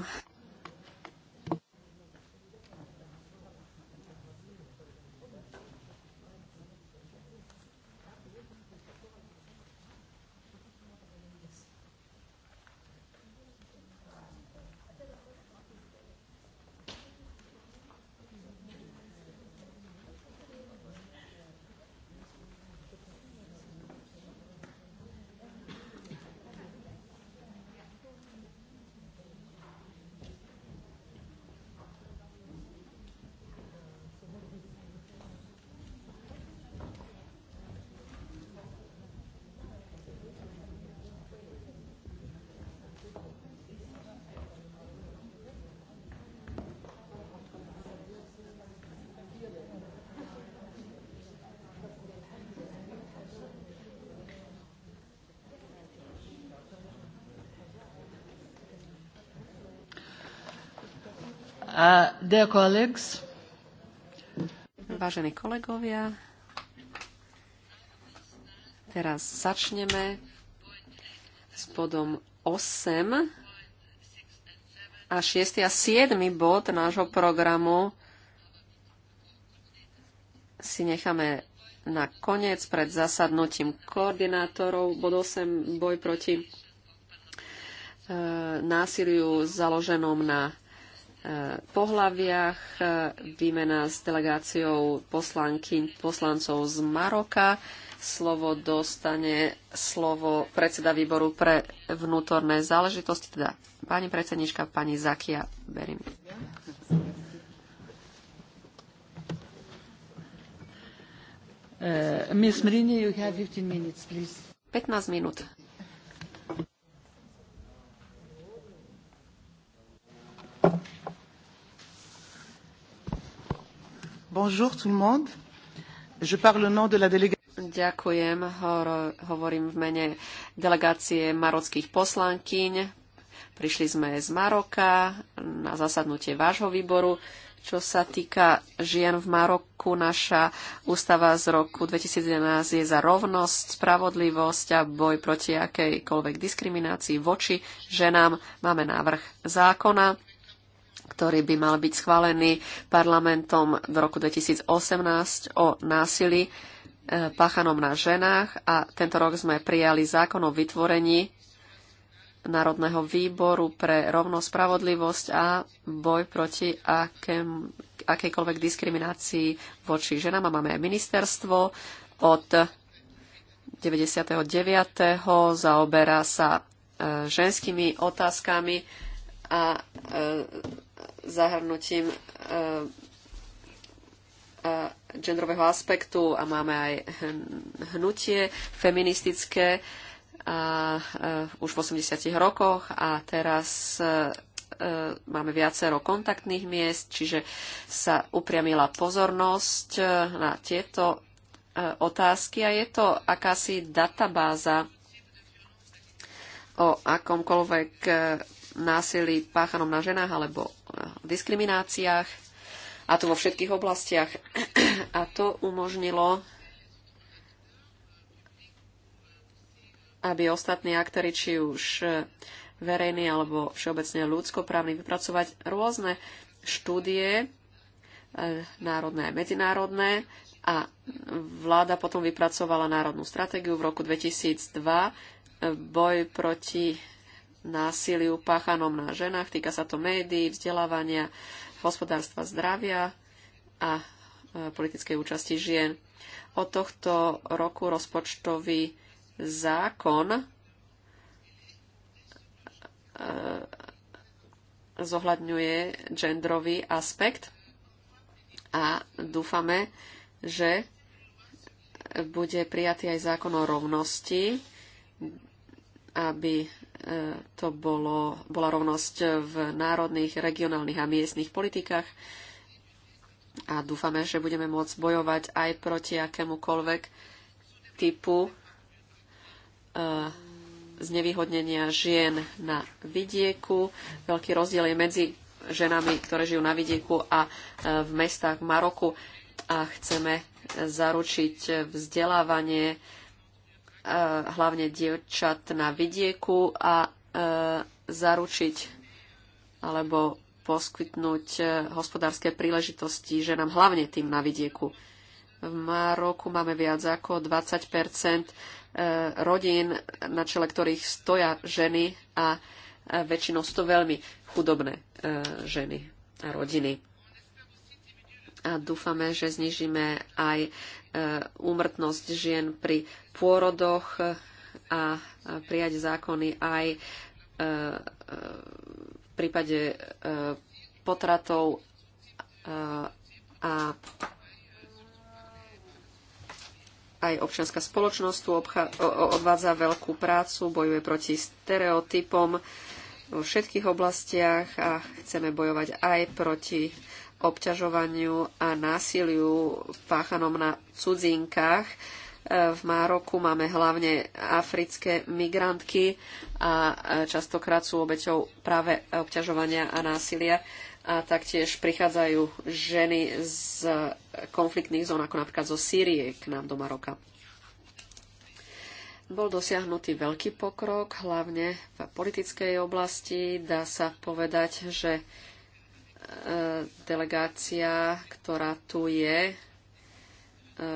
Uh, Vážení kolegovia, teraz začneme s bodom 8 a 6 a 7 bod nášho programu si necháme na koniec pred zasadnutím koordinátorov. Bod 8 boj proti e, násiliu založenom na pohlaviach, výmena s delegáciou poslanky, poslancov z Maroka. Slovo dostane slovo predseda výboru pre vnútorné záležitosti, teda pani predsednička, pani Zakia Berim. Uh, Ms. Marini, you have 15 minutes, please. 15 minút. Thank you. Bonjour tout le monde. Je parle au nom de la délégation. Ďakujem, hovorím v mene delegácie marockých poslankyň. Prišli sme z Maroka na zasadnutie vášho výboru. Čo sa týka žien v Maroku, naša ústava z roku 2011 je za rovnosť, spravodlivosť a boj proti akejkoľvek diskriminácii voči ženám. Máme návrh zákona, ktorý by mal byť schválený parlamentom v roku 2018 o násilí e, páchanom na ženách a tento rok sme prijali zákon o vytvorení Národného výboru pre rovnosť, spravodlivosť a boj proti akém, akejkoľvek diskriminácii voči ženám. A máme aj ministerstvo od 99. zaoberá sa e, ženskými otázkami a e, zahrnutím e, e, genderového aspektu a máme aj hm, hnutie feministické a, e, už v 80 rokoch a teraz máme viacero kontaktných miest, čiže sa upriamila pozornosť na tieto otázky a je to akási databáza o akomkoľvek násilí páchanom na ženách alebo diskrimináciách, a to vo všetkých oblastiach. A to umožnilo, aby ostatní aktéry, či už verejní alebo všeobecne ľudskoprávny, vypracovať rôzne štúdie, e, národné a medzinárodné, a vláda potom vypracovala národnú stratégiu v roku 2002 e, boj proti násiliu páchanom na ženách. Týka sa to médií, vzdelávania, hospodárstva zdravia a e, politickej účasti žien. Od tohto roku rozpočtový zákon e, zohľadňuje genderový aspekt a dúfame, že bude prijatý aj zákon o rovnosti, aby E, to bolo, bola rovnosť v národných, regionálnych a miestnych politikách a dúfame, že budeme môcť bojovať aj proti akémukoľvek typu e, znevýhodnenia žien na vidieku. Veľký rozdiel je medzi ženami, ktoré žijú na vidieku a e, v mestách Maroku a chceme zaručiť vzdelávanie Eh, hlavne dievčat na vidieku a eh, zaručiť alebo poskytnúť eh, hospodárske príležitosti ženám, hlavne tým na vidieku. V Maroku máme viac ako 20 rodín, na čele ktorých stoja ženy a väčšinou sú to veľmi chudobné ženy a rodiny. A dúfame, že znižíme aj E, úmrtnosť žien pri pôrodoch e, a prijať zákony aj e, v prípade potratov a aj občianská spoločnosť tu odvádza veľkú prácu, bojuje proti stereotypom vo všetkých oblastiach a chceme bojovať aj proti obťažovaniu a násiliu páchanom na cudzinkách. E, v Mároku máme hlavne africké migrantky a e, častokrát sú obeťou práve obťažovania a násilia. A taktiež prichádzajú ženy z konfliktných zón, ako napríklad zo Sýrie k nám do Maroka. Bol dosiahnutý veľký pokrok, hlavne v politickej oblasti. Dá sa povedať, že E, delegácia, ktorá tu je. E, e,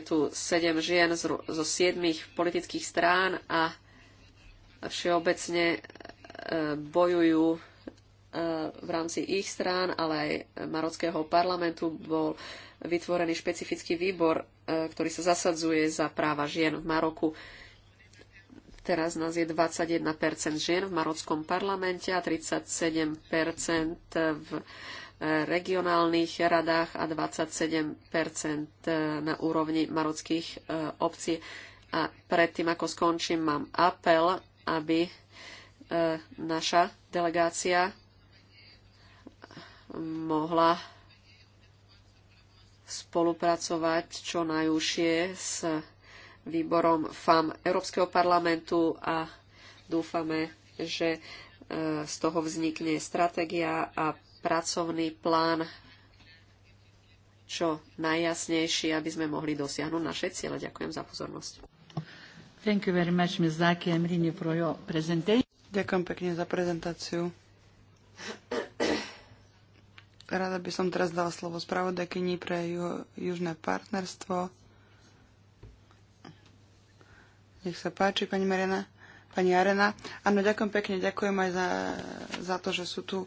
je tu sedem žien zo siedmých politických strán a všeobecne bojujú v rámci ich strán, ale aj Marockého parlamentu bol vytvorený špecifický výbor, ktorý sa zasadzuje za práva žien v Maroku. Teraz nás je 21 žien v marockom parlamente a 37 v e, regionálnych radách a 27 e, na úrovni marockých e, obcí. A predtým, ako skončím, mám apel, aby naša delegácia mohla spolupracovať čo najúžšie s výborom FAM Európskeho parlamentu a dúfame, že e, z toho vznikne stratégia a pracovný plán čo najjasnejší, aby sme mohli dosiahnuť naše ciele. Ďakujem za pozornosť. Thank you very much, Ms. Zaki Emrini, for your presentation. Ďakujem pekne za prezentáciu. Rada by som teraz dala slovo spravodajkyni pre ju, južné partnerstvo nech sa páči, pani Marena. Pani Arena. Áno, ďakujem pekne. Ďakujem aj za, za to, že sú tu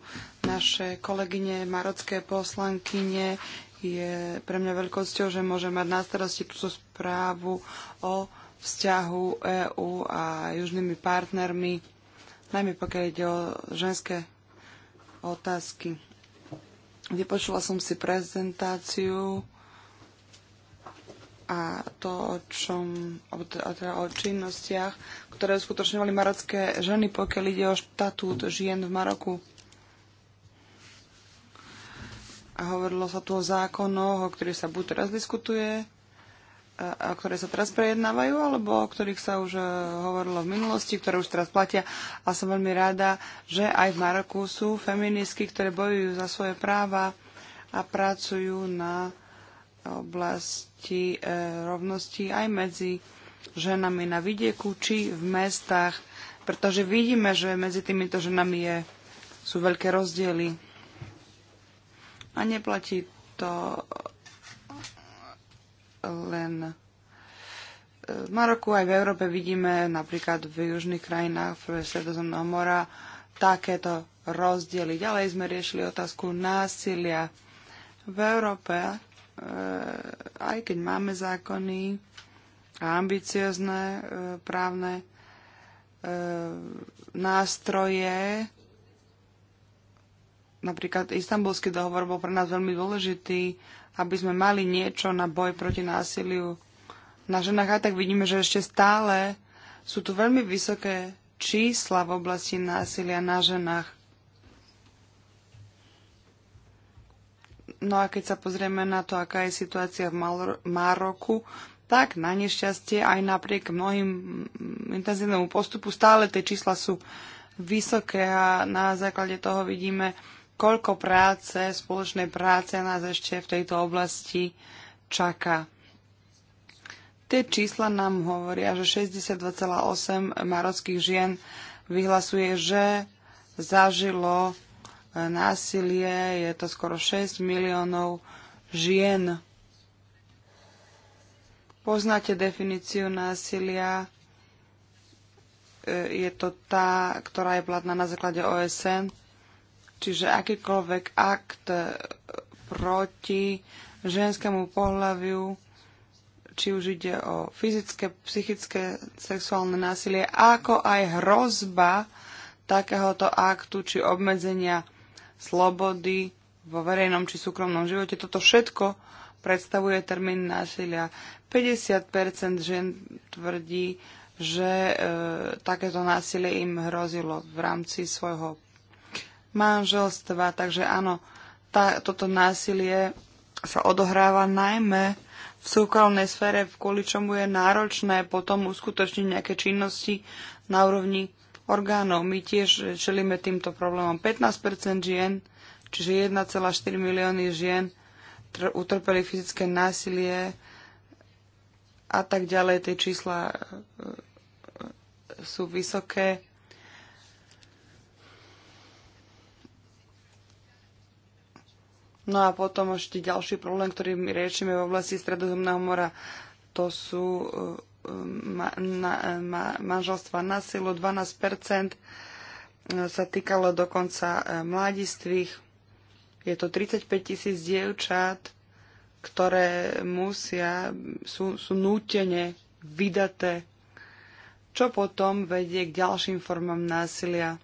naše kolegyne, marocké poslankyne. Je pre mňa veľkosťou, že môžem mať na starosti túto správu o vzťahu EÚ a južnými partnermi, najmä pokiaľ ide o ženské otázky. Vypočula som si prezentáciu a to, o, čom, o, teda, teda o činnostiach, ktoré uskutočňovali marocké ženy, pokiaľ ide o štatút žien v Maroku. A hovorilo sa tu o zákonoch, o ktorých sa buď teraz diskutuje, a, a ktoré sa teraz prejednávajú, alebo o ktorých sa už e, hovorilo v minulosti, ktoré už teraz platia. A som veľmi rada, že aj v Maroku sú feministky, ktoré bojujú za svoje práva a pracujú na oblasti e, rovnosti aj medzi ženami na vidieku či v mestách, pretože vidíme, že medzi týmito ženami je, sú veľké rozdiely. A neplatí to len e, v Maroku, aj v Európe vidíme napríklad v južných krajinách v Sredozemného mora takéto rozdiely. Ďalej sme riešili otázku násilia v Európe E, aj keď máme zákony a ambiciozne e, právne e, nástroje, napríklad istambulský dohovor bol pre nás veľmi dôležitý, aby sme mali niečo na boj proti násiliu na ženách. aj tak vidíme, že ešte stále sú tu veľmi vysoké čísla v oblasti násilia na ženách. No a keď sa pozrieme na to, aká je situácia v Maroku, tak na nešťastie aj napriek mnohým mm, intenzívnemu postupu stále tie čísla sú vysoké a na základe toho vidíme, koľko práce, spoločnej práce nás ešte v tejto oblasti čaká. Tie čísla nám hovoria, že 62,8 marockých žien vyhlasuje, že zažilo násilie, je to skoro 6 miliónov žien. Poznáte definíciu násilia? E, je to tá, ktorá je platná na základe OSN. Čiže akýkoľvek akt e, proti ženskému pohľaviu, či už ide o fyzické, psychické, sexuálne násilie, ako aj hrozba takéhoto aktu či obmedzenia slobody vo verejnom či súkromnom živote. Toto všetko predstavuje termín násilia. 50% žien tvrdí, že e, takéto násilie im hrozilo v rámci svojho manželstva. Takže áno, tá, toto násilie sa odohráva najmä v súkromnej sfére, kvôli čomu je náročné potom uskutočniť nejaké činnosti na úrovni orgánov. My tiež čelíme týmto problémom. 15 žien, čiže 1,4 milióny žien utrpeli fyzické násilie a tak ďalej. Tie čísla e, e, sú vysoké. No a potom ešte ďalší problém, ktorý my riešime v oblasti Stredozemného mora, to sú e, ma, na, ma, manželstva na silu, 12% e, sa týkalo dokonca e, mladistvých. Je to 35 tisíc dievčat, ktoré musia, sú, sú nútene vydaté, čo potom vedie k ďalším formám násilia.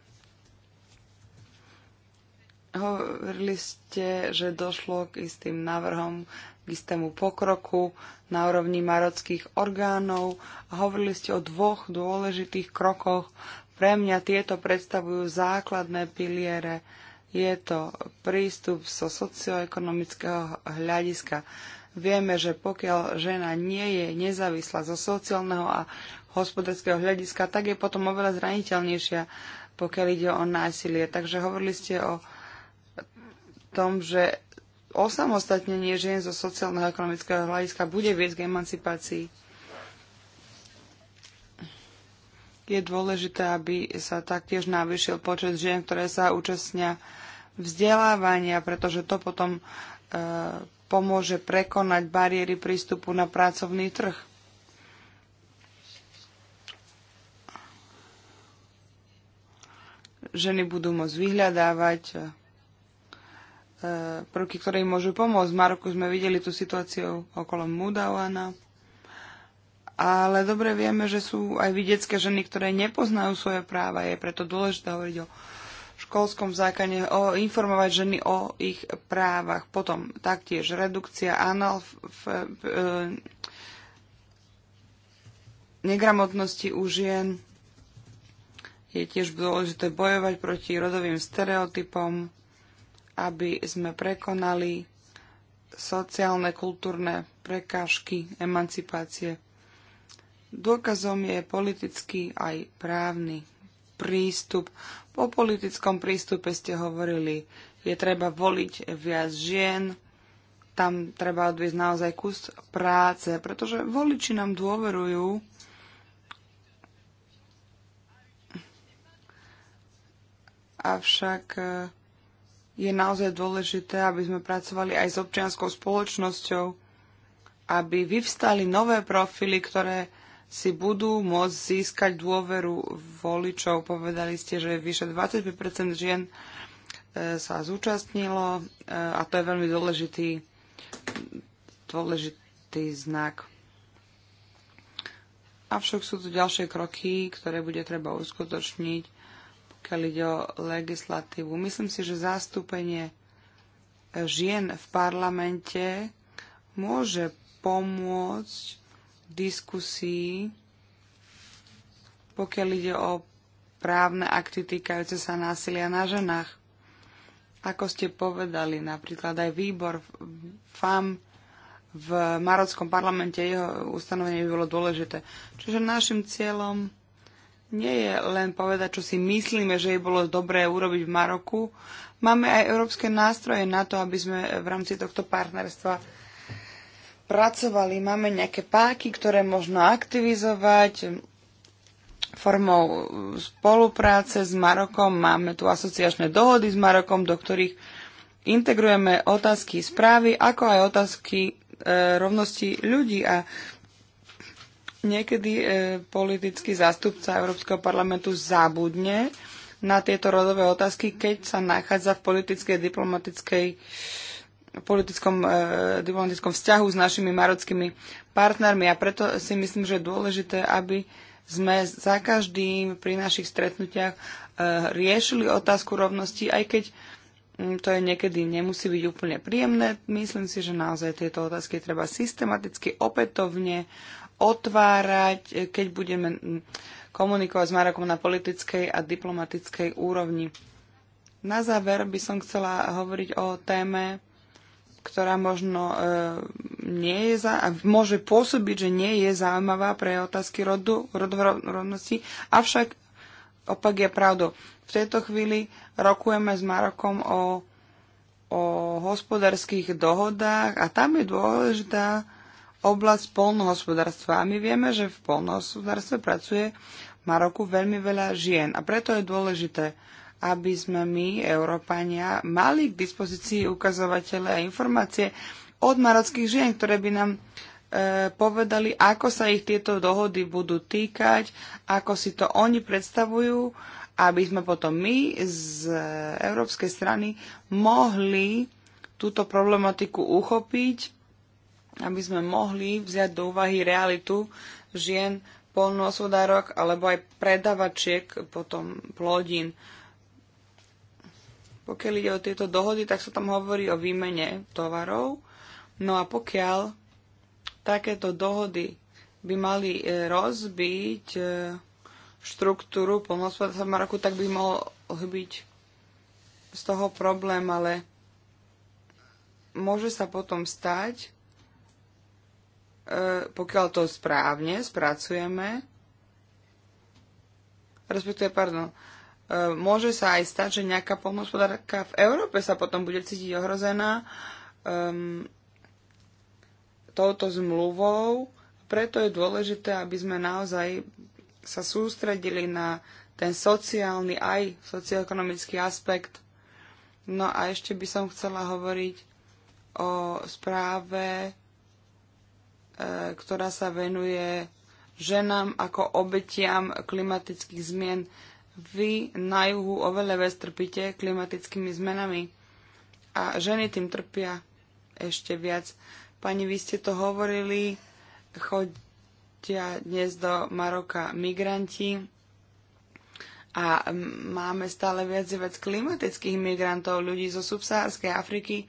Hovorili ste, že došlo k istým návrhom k istému pokroku na úrovni marockých orgánov a hovorili ste o dvoch dôležitých krokoch. Pre mňa tieto predstavujú základné piliere. Je to prístup zo so socioekonomického hľadiska. Vieme, že pokiaľ žena nie je nezávislá zo sociálneho a hospodárskeho hľadiska, tak je potom oveľa zraniteľnejšia, pokiaľ ide o násilie. Takže hovorili ste o tom, že osamostatnenie žien zo sociálneho a ekonomického hľadiska bude viesť k emancipácii. Je dôležité, aby sa taktiež navýšil počet žien, ktoré sa účastnia vzdelávania, pretože to potom e, pomôže prekonať bariéry prístupu na pracovný trh. Ženy budú môcť vyhľadávať prvky, ktoré im môžu pomôcť. V Maroku sme videli tú situáciu okolo Mudawana, ale dobre vieme, že sú aj vidiecké ženy, ktoré nepoznajú svoje práva. Je preto dôležité hovoriť o školskom zákane o informovať ženy o ich právach. Potom taktiež redukcia analf... E, negramotnosti u žien, je tiež dôležité bojovať proti rodovým stereotypom, aby sme prekonali sociálne, kultúrne prekážky emancipácie. Dôkazom je politický aj právny prístup. Po politickom prístupe ste hovorili, je treba voliť viac žien, tam treba odviesť naozaj kus práce, pretože voliči nám dôverujú. Avšak eh, je naozaj dôležité, aby sme pracovali aj s občianskou spoločnosťou, aby vyvstali nové profily, ktoré si budú môcť získať dôveru voličov. Povedali ste, že vyše 25 žien e, sa zúčastnilo e, a to je veľmi dôležitý, dôležitý znak. Avšak sú tu ďalšie kroky, ktoré bude treba uskutočniť pokiaľ ide o legislatívu. Myslím si, že zastúpenie žien v parlamente môže pomôcť v diskusii, pokiaľ ide o právne akty týkajúce sa násilia na ženách. Ako ste povedali, napríklad aj výbor FAM v Marockom parlamente, jeho ustanovenie by bolo dôležité. Čiže našim cieľom nie je len povedať, čo si myslíme, že je bolo dobré urobiť v Maroku. Máme aj európske nástroje na to, aby sme v rámci tohto partnerstva pracovali. Máme nejaké páky, ktoré možno aktivizovať formou spolupráce s Marokom. Máme tu asociačné dohody s Marokom, do ktorých integrujeme otázky správy, ako aj otázky e, rovnosti ľudí. A Niekedy e, politický zástupca Európskeho parlamentu zabudne na tieto rodové otázky, keď sa nachádza v politickej, diplomatickej politickom, e, diplomatickom vzťahu s našimi marockými partnermi a preto si myslím, že je dôležité, aby sme za každým pri našich stretnutiach e, riešili otázku rovnosti, aj keď mm, to je niekedy nemusí byť úplne príjemné. Myslím si, že naozaj tieto otázky treba systematicky, opätovne otvárať, keď budeme komunikovať s Marokom na politickej a diplomatickej úrovni. Na záver by som chcela hovoriť o téme, ktorá možno e, nie je za, môže pôsobiť, že nie je zaujímavá pre otázky rodu, rodovrovnosti, avšak opak je pravdou. V tejto chvíli rokujeme s Marokom o, o hospodárskych dohodách a tam je dôležitá oblasť polnohospodárstva. A my vieme, že v polnohospodárstve pracuje v Maroku veľmi veľa žien. A preto je dôležité, aby sme my, Európania, mali k dispozícii ukazovatele a informácie od marockých žien, ktoré by nám e, povedali, ako sa ich tieto dohody budú týkať, ako si to oni predstavujú, aby sme potom my z európskej strany mohli túto problematiku uchopiť aby sme mohli vziať do úvahy realitu žien, polnohospodárok alebo aj predavačiek potom plodín. Pokiaľ ide o tieto dohody, tak sa tam hovorí o výmene tovarov. No a pokiaľ takéto dohody by mali e, rozbiť e, štruktúru polnohospodárstva Maroku, tak by mohol byť z toho problém, ale môže sa potom stať, E, pokiaľ to správne spracujeme, Respektuje pardon, e, môže sa aj stať, že nejaká pomohospodárka v Európe sa potom bude cítiť ohrozená um, touto zmluvou, preto je dôležité, aby sme naozaj sa sústredili na ten sociálny aj socioekonomický aspekt. No a ešte by som chcela hovoriť o správe E, ktorá sa venuje ženám ako obetiam klimatických zmien. Vy na juhu oveľa viac trpíte klimatickými zmenami a ženy tým trpia ešte viac. Pani, vy ste to hovorili, chodia dnes do Maroka migranti a máme stále viac a viac klimatických migrantov, ľudí zo subsahárskej Afriky,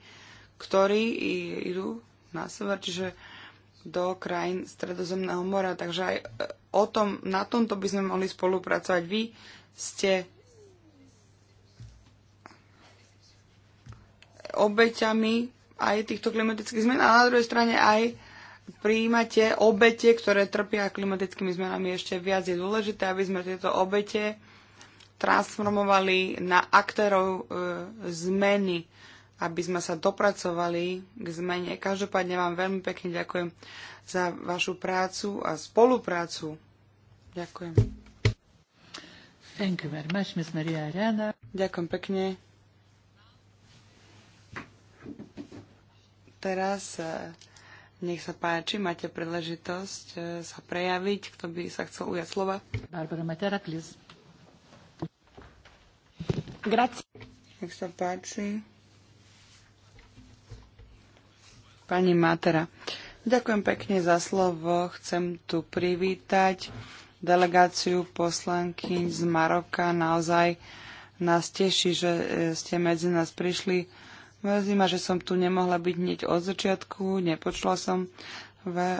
ktorí idú na sever, čiže do krajín Stredozemného mora. Takže aj e, o tom, na tomto by sme mohli spolupracovať. Vy ste obeťami aj týchto klimatických zmen a na druhej strane aj príjmate obete, ktoré trpia klimatickými zmenami ešte viac. Je dôležité, aby sme tieto obete transformovali na aktérov e, zmeny aby sme sa dopracovali k zmene. Každopádne vám veľmi pekne ďakujem za vašu prácu a spoluprácu. Ďakujem. Thank you very much, Miss Maria Arana. Ďakujem pekne. Teraz e, nech sa páči, máte príležitosť e, sa prejaviť, kto by sa chcel ujať slova. Barbara Materaklis. Grazie. Nech sa páči. pani Matera. Ďakujem pekne za slovo. Chcem tu privítať delegáciu poslankyň z Maroka. Naozaj nás teší, že e, ste medzi nás prišli. Mrzí ma, že som tu nemohla byť hneď od začiatku, nepočula som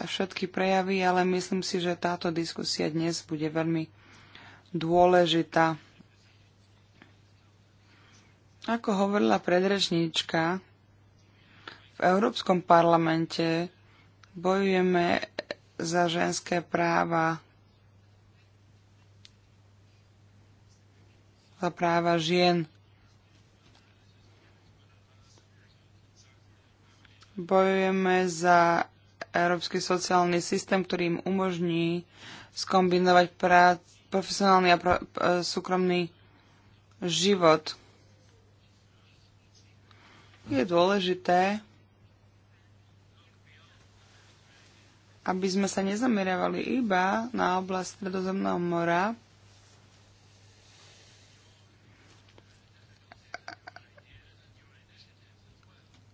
všetky prejavy, ale myslím si, že táto diskusia dnes bude veľmi dôležitá. Ako hovorila predrečníčka, v Európskom parlamente bojujeme za ženské práva, za práva žien. Bojujeme za európsky sociálny systém, ktorý im umožní skombinovať prác, profesionálny a pro, e, súkromný život. Je dôležité, aby sme sa nezameriavali iba na oblasť Stredozemného mora,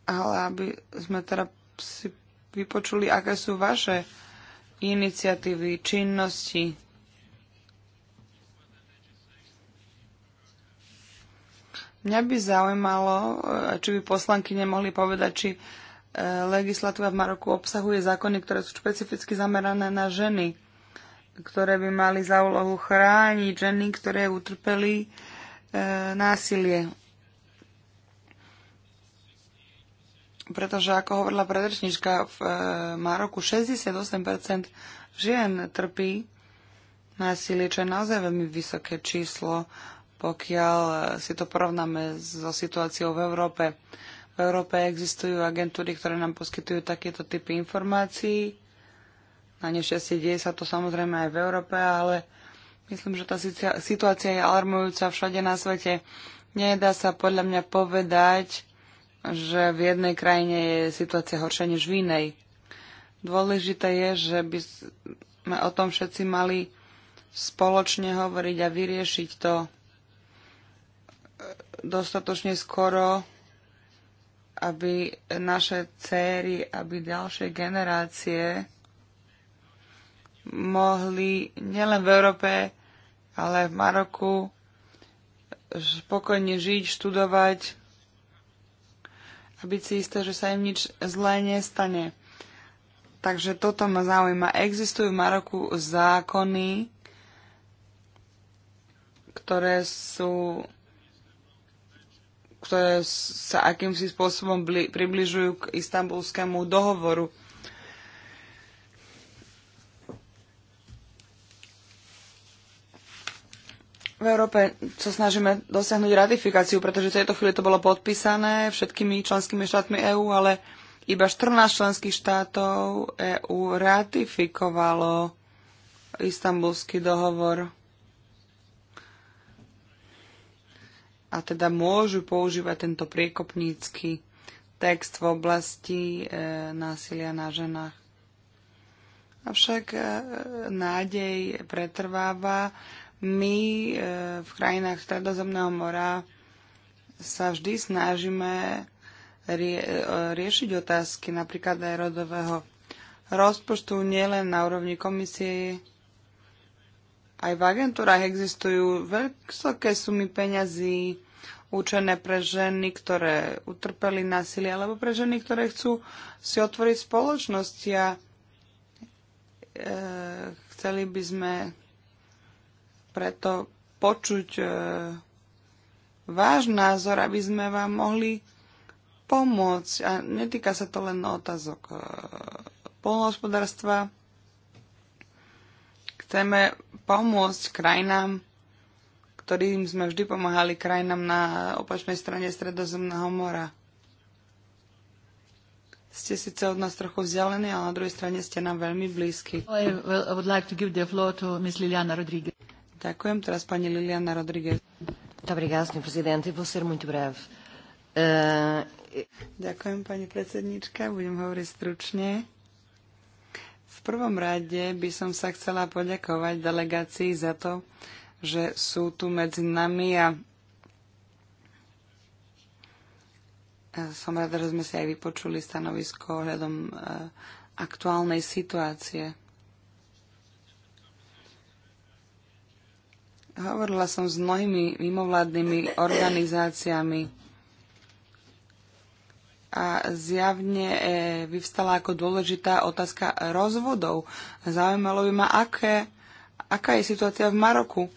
ale aby sme teda si vypočuli, aké sú vaše iniciatívy, činnosti. Mňa by zaujímalo, či by poslanky nemohli povedať, či E, legislatíva v Maroku obsahuje zákony, ktoré sú špecificky zamerané na ženy, ktoré by mali za úlohu chrániť ženy, ktoré utrpeli e, násilie. Pretože, ako hovorila predrečnička, v e, Maroku 68% žien trpí násilie, čo je naozaj veľmi vysoké číslo, pokiaľ si to porovnáme so situáciou v Európe. V Európe existujú agentúry, ktoré nám poskytujú takéto typy informácií. Na nešťastie deje sa to samozrejme aj v Európe, ale myslím, že tá situácia je alarmujúca všade na svete. Nedá sa podľa mňa povedať, že v jednej krajine je situácia horšia než v inej. Dôležité je, že by sme o tom všetci mali spoločne hovoriť a vyriešiť to dostatočne skoro, aby naše céry, aby ďalšie generácie mohli nielen v Európe, ale v Maroku spokojne žiť, študovať Aby si isté, že sa im nič zlé nestane. Takže toto ma zaujíma. Existujú v Maroku zákony, ktoré sú ktoré sa akýmsi spôsobom približujú k istambulskému dohovoru. v Európe sa snažíme dosiahnuť ratifikáciu, pretože v tejto chvíli to bolo podpísané všetkými členskými štátmi EÚ, ale iba 14 členských štátov EÚ ratifikovalo istambulský dohovor. a teda môžu používať tento priekopnícky text v oblasti e, násilia na ženách. Avšak e, nádej pretrváva. My e, v krajinách Stredozemného mora sa vždy snažíme rie, e, riešiť otázky napríklad aj rodového rozpočtu nielen na úrovni komisie, aj v agentúrach existujú veľké sumy peňazí určené pre ženy, ktoré utrpeli násilie, alebo pre ženy, ktoré chcú si otvoriť spoločnosti a e, chceli by sme preto počuť e, váš názor, aby sme vám mohli pomôcť. A netýka sa to len otázok e, polnohospodárstva, Chceme pomôcť krajinám, ktorým sme vždy pomáhali krajinám na opačnej strane Stredozemného mora. Ste síce od nás trochu vzdialení, ale na druhej strane ste nám veľmi blízki. Ďakujem teraz pani Liliana Rodriguez. Ďakujem, pani predsednička. Budem hovoriť stručne. V prvom rade by som sa chcela poďakovať delegácii za to, že sú tu medzi nami a som rada, že sme si aj vypočuli stanovisko ohľadom e, aktuálnej situácie. Hovorila som s mnohými mimovládnymi organizáciami, a zjavne e, vyvstala ako dôležitá otázka rozvodov. Zaujímalo by ma, aké, aká je situácia v Maroku.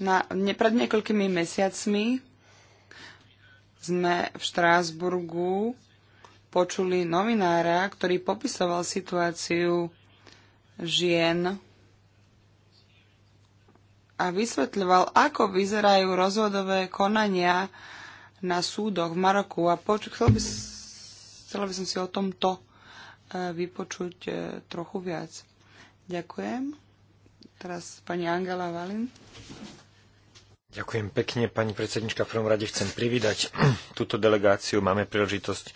Na, ne, pred niekoľkými mesiacmi sme v Štrásburgu počuli novinára, ktorý popisoval situáciu žien a vysvetľoval, ako vyzerajú rozhodové konania na súdoch v Maroku. A poč- chcel, by, chcel by som si o tomto e, vypočuť e, trochu viac. Ďakujem. Teraz pani Angela Valin. Ďakujem pekne, pani predsednička. V prvom rade chcem privídať túto delegáciu. Máme príležitosť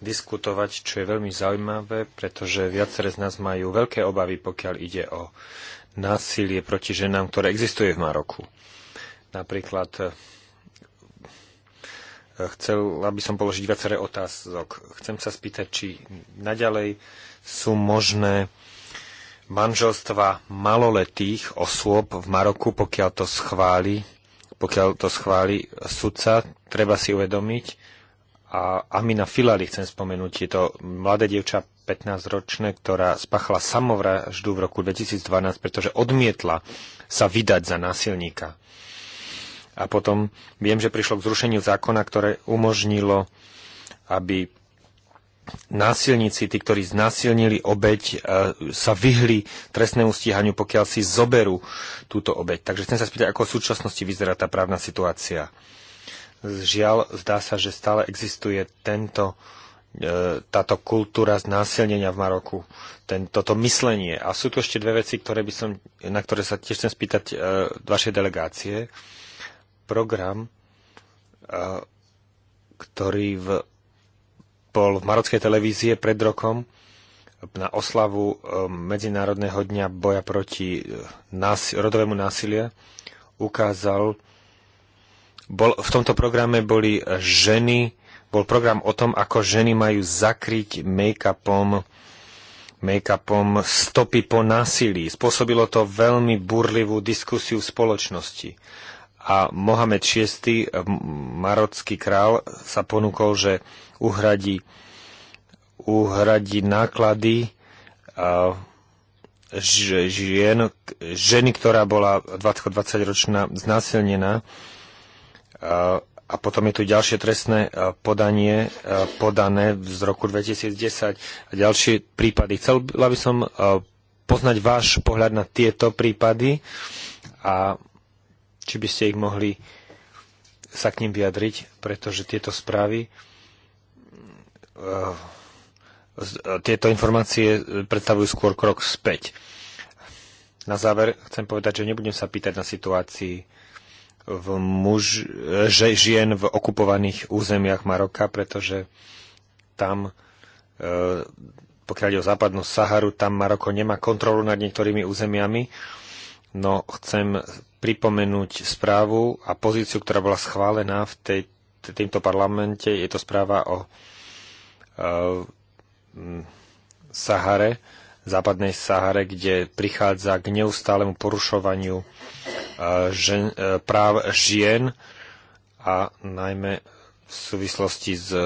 diskutovať, čo je veľmi zaujímavé, pretože viaceré z nás majú veľké obavy, pokiaľ ide o násilie proti ženám, ktoré existuje v Maroku. Napríklad e, chcela by som položiť viaceré otázok. Chcem sa spýtať, či naďalej sú možné manželstva maloletých osôb v Maroku, pokiaľ to schváli, pokiaľ to schváli sudca, treba si uvedomiť. A Amina Filali chcem spomenúť, je to mladé dievča 15-ročné, ktorá spáchala samovraždu v roku 2012, pretože odmietla sa vydať za násilníka. A potom viem, že prišlo k zrušeniu zákona, ktoré umožnilo, aby násilníci, tí, ktorí znásilnili obeď, e, sa vyhli trestnému stíhaniu, pokiaľ si zoberú túto obeď. Takže chcem sa spýtať, ako v súčasnosti vyzerá tá právna situácia. Žiaľ, zdá sa, že stále existuje tento E, táto kultúra znásilnenia v Maroku, ten, toto myslenie. A sú tu ešte dve veci, ktoré by som, na ktoré sa tiež chcem spýtať e, vašej delegácie. Program, e, ktorý v, bol v marockej televízie pred rokom na oslavu e, Medzinárodného dňa boja proti e, nás, rodovému násilie, ukázal, bol, v tomto programe boli ženy, bol program o tom, ako ženy majú zakryť make-upom make-upom stopy po násilí. Spôsobilo to veľmi burlivú diskusiu v spoločnosti. A Mohamed VI, marocký král, sa ponúkol, že uhradí, uhradí náklady žien, ženy, ktorá bola 20-20 ročná znásilnená, a potom je tu ďalšie trestné e, podanie e, podané z roku 2010 a ďalšie prípady. Chcel by som e, poznať váš pohľad na tieto prípady a či by ste ich mohli sa k ním vyjadriť, pretože tieto správy, tieto informácie predstavujú skôr krok späť. Na záver chcem povedať, že nebudem sa pýtať na situácii v muž, že, žien v okupovaných územiach Maroka, pretože tam, e, pokiaľ ide o západnú Saharu, tam Maroko nemá kontrolu nad niektorými územiami. No chcem pripomenúť správu a pozíciu, ktorá bola schválená v tej, týmto parlamente. Je to správa o e, Sahare, západnej Sahare, kde prichádza k neustálemu porušovaniu žen, e, práv žien a najmä v súvislosti s e,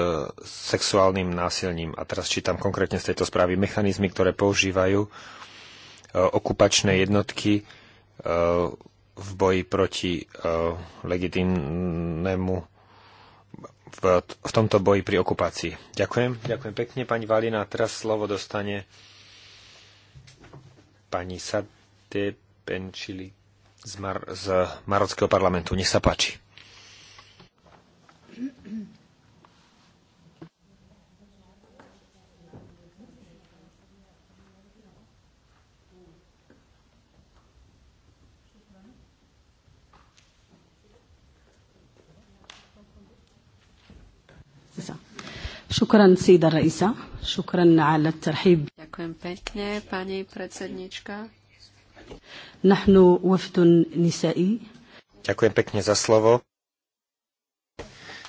sexuálnym násilním. A teraz čítam konkrétne z tejto správy mechanizmy, ktoré používajú e, okupačné jednotky v boji proti legitimnému v, tomto boji pri okupácii. Ďakujem. Ďakujem pekne, pani Valina. A teraz slovo dostane pani Sade Benčili z, Mar- z Marockého parlamentu. Nech sa páči. Šukran Sida Raisa. Šukran ala Ďakujem pekne, pani predsednička. Ďakujem pekne za slovo.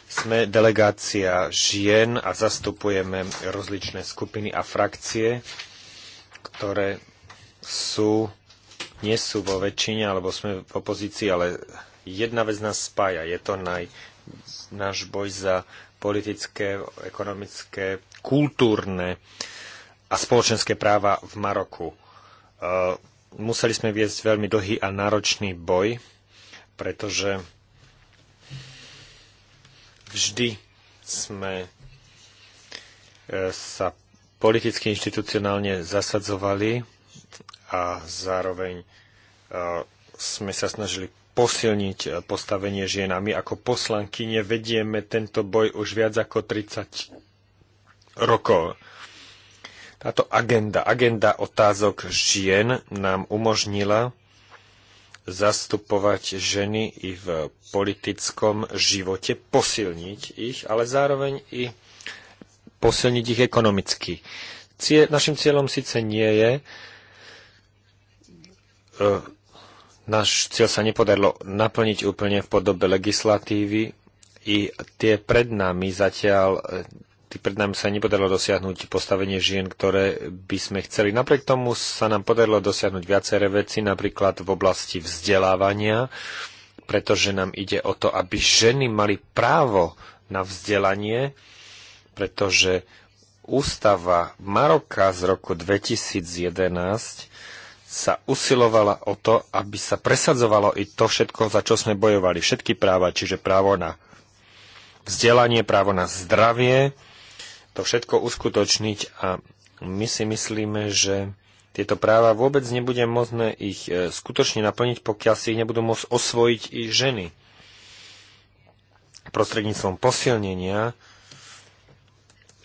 Sme delegácia žien a zastupujeme rozličné skupiny a frakcie, ktoré sú, nie sú vo väčšine, alebo sme v opozícii, ale jedna vec nás spája. Je to naj, náš boj za politické, ekonomické, kultúrne a spoločenské práva v Maroku. E, Museli sme viesť veľmi dlhý a náročný boj, pretože vždy sme e, sa politicky inštitucionálne zasadzovali a zároveň e, sme sa snažili posilniť e, postavenie žien a my ako poslanky nevedieme tento boj už viac ako 30 rokov. Táto agenda, agenda otázok žien nám umožnila zastupovať ženy i v politickom živote, posilniť ich, ale zároveň i posilniť ich ekonomicky. Cie, našim cieľom síce nie je, e, náš cieľ sa nepodarilo naplniť úplne v podobe legislatívy, i tie pred nami zatiaľ eh, pred nami sa nepodarilo dosiahnuť postavenie žien, ktoré by sme chceli. Napriek tomu sa nám podarilo dosiahnuť viaceré veci, napríklad v oblasti vzdelávania, pretože nám ide o to, aby ženy mali právo na vzdelanie, pretože ústava Maroka z roku 2011 sa usilovala o to, aby sa presadzovalo i to všetko, za čo sme bojovali. Všetky práva, čiže právo na vzdelanie, právo na zdravie, to všetko uskutočniť a my si myslíme, že tieto práva vôbec nebude možné ich e, skutočne naplniť, pokiaľ si ich nebudú môcť osvojiť i ženy. Prostredníctvom posilnenia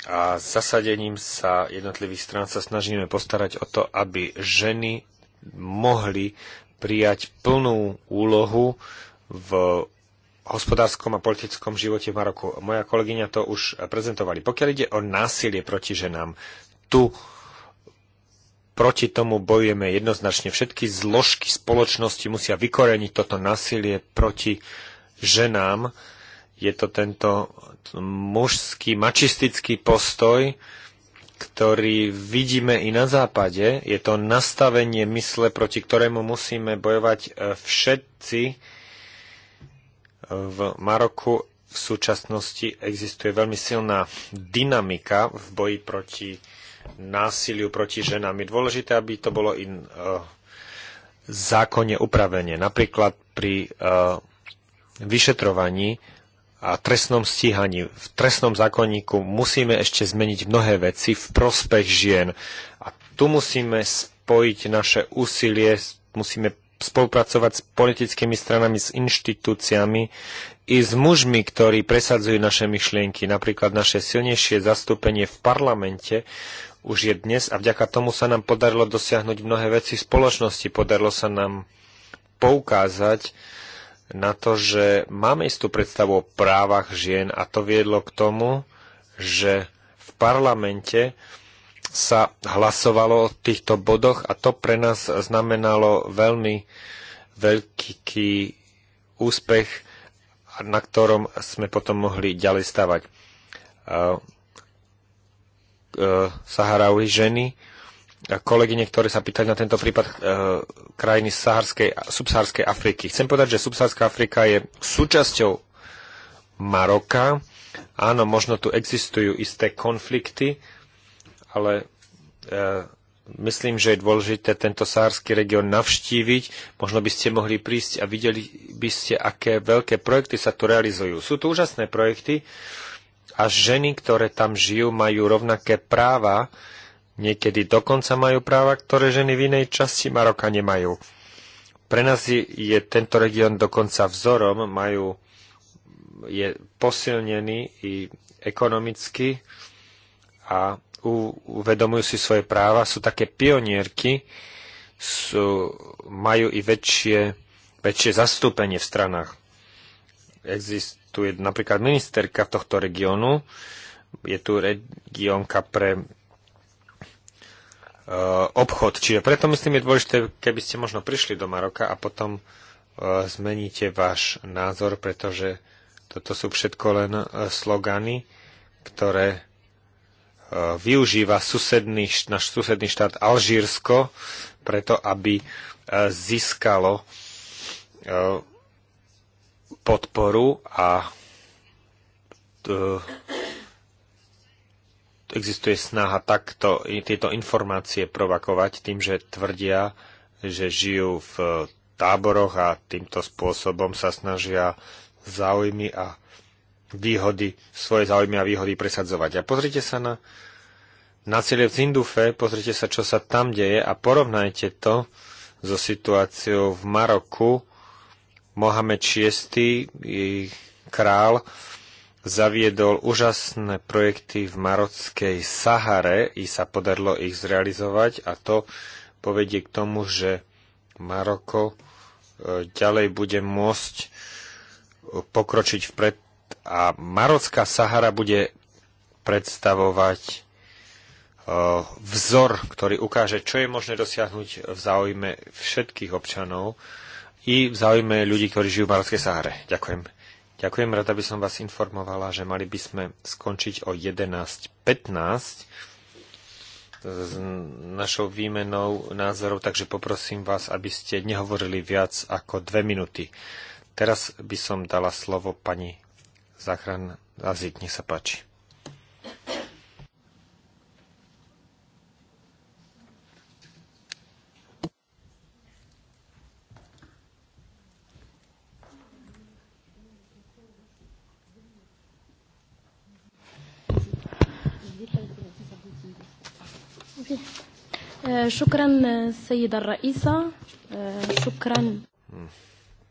a zasadením sa jednotlivých strán sa snažíme postarať o to, aby ženy mohli prijať plnú úlohu v hospodárskom a politickom živote v Maroku. Moja kolegyňa to už prezentovali. Pokiaľ ide o násilie proti ženám, tu proti tomu bojujeme jednoznačne. Všetky zložky spoločnosti musia vykoreniť toto násilie proti ženám. Je to tento mužský, mačistický postoj, ktorý vidíme i na západe. Je to nastavenie mysle, proti ktorému musíme bojovať e, všetci v Maroku v súčasnosti existuje veľmi silná dynamika v boji proti násiliu proti ženám. Je dôležité, aby to bolo in, uh, e, zákonne upravenie. Napríklad pri uh, vyšetrovaní a trestnom stíhaní. V trestnom zákonníku musíme ešte zmeniť mnohé veci v prospech žien. A tu musíme spojiť naše úsilie, musíme spolupracovať s politickými stranami, s inštitúciami i s mužmi, ktorí presadzujú naše myšlienky. Napríklad naše silnejšie zastúpenie v parlamente už je dnes a vďaka tomu sa nám podarilo dosiahnuť mnohé veci v spoločnosti. Podarilo sa nám poukázať na to, že máme istú predstavu o právach žien a to viedlo k tomu, že v parlamente sa hlasovalo o týchto bodoch a to pre nás znamenalo veľmi veľký úspech, na ktorom sme potom mohli ďalej stavať. Saharaui ženy, kolegyne, ktoré sa pýtali na tento prípad krajiny saharskej, subsaharskej Afriky. Chcem povedať, že subsaharská Afrika je súčasťou Maroka. Áno, možno tu existujú isté konflikty, ale e, myslím, že je dôležité tento sársky región navštíviť. Možno by ste mohli prísť a videli by ste, aké veľké projekty sa tu realizujú. Sú to úžasné projekty a ženy, ktoré tam žijú, majú rovnaké práva, niekedy dokonca majú práva, ktoré ženy v inej časti Maroka nemajú. Pre nás je tento región dokonca vzorom, majú, je posilnený i ekonomicky a uvedomujú si svoje práva, sú také pionierky, sú, majú i väčšie, väčšie zastúpenie v stranách. Existuje napríklad ministerka tohto regiónu, je tu regiónka pre e, obchod. Čiže preto myslím je dôležité, keby ste možno prišli do Maroka a potom e, zmeníte váš názor, pretože toto sú všetko len e, slogany, ktoré využíva susedný, náš susedný štát Alžírsko preto, aby e, získalo e, podporu a e, existuje snaha takto tieto informácie provokovať tým, že tvrdia, že žijú v táboroch a týmto spôsobom sa snažia záujmy a výhody, svoje záujmy a výhody presadzovať. A pozrite sa na, na cieľe v Zindufe, pozrite sa, čo sa tam deje a porovnajte to so situáciou v Maroku. Mohamed VI, ich král, zaviedol úžasné projekty v marockej Sahare i sa podarilo ich zrealizovať a to povedie k tomu, že Maroko e, ďalej bude môcť pokročiť vpred a Marocká Sahara bude predstavovať e, vzor, ktorý ukáže, čo je možné dosiahnuť v záujme všetkých občanov i v záujme ľudí, ktorí žijú v Marockej Sahare. Ďakujem. Ďakujem, rada by som vás informovala, že mali by sme skončiť o 11.15 s našou výmenou názorov, takže poprosím vás, aby ste nehovorili viac ako dve minúty. Teraz by som dala slovo pani záchran Azík. Nech sa páči. Eh, šukran, eh, sejida Raisa. Eh, šukran. Hm.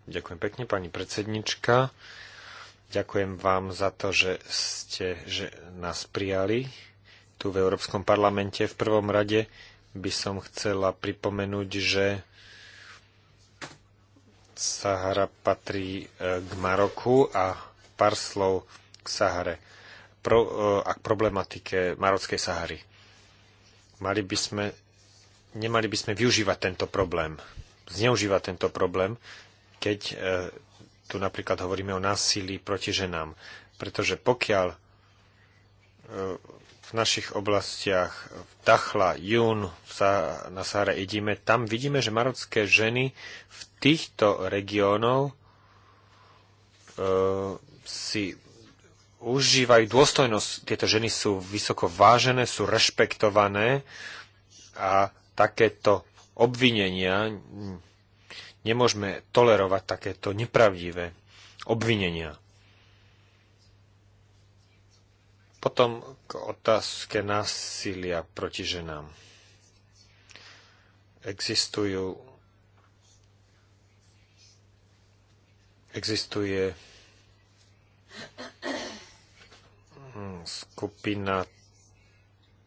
Ďakujem pekne, pani predsednička. Ďakujem vám za to, že ste že nás prijali tu v Európskom parlamente. V prvom rade by som chcela pripomenúť, že Sahara patrí e, k Maroku a pár slov k Sahare pro, e, a k problematike Marockej Sahary. Mali by sme, nemali by sme využívať tento problém, zneužívať tento problém, keď e, tu napríklad hovoríme o násilí proti ženám. Pretože pokiaľ e, v našich oblastiach v Dachla, Jún, na Sáre idíme, tam vidíme, že marocké ženy v týchto regiónoch e, si užívajú dôstojnosť. Tieto ženy sú vysoko vážené, sú rešpektované a takéto obvinenia Nemôžeme tolerovať takéto nepravdivé obvinenia. Potom k otázke násilia proti ženám. Existujú, existuje skupina,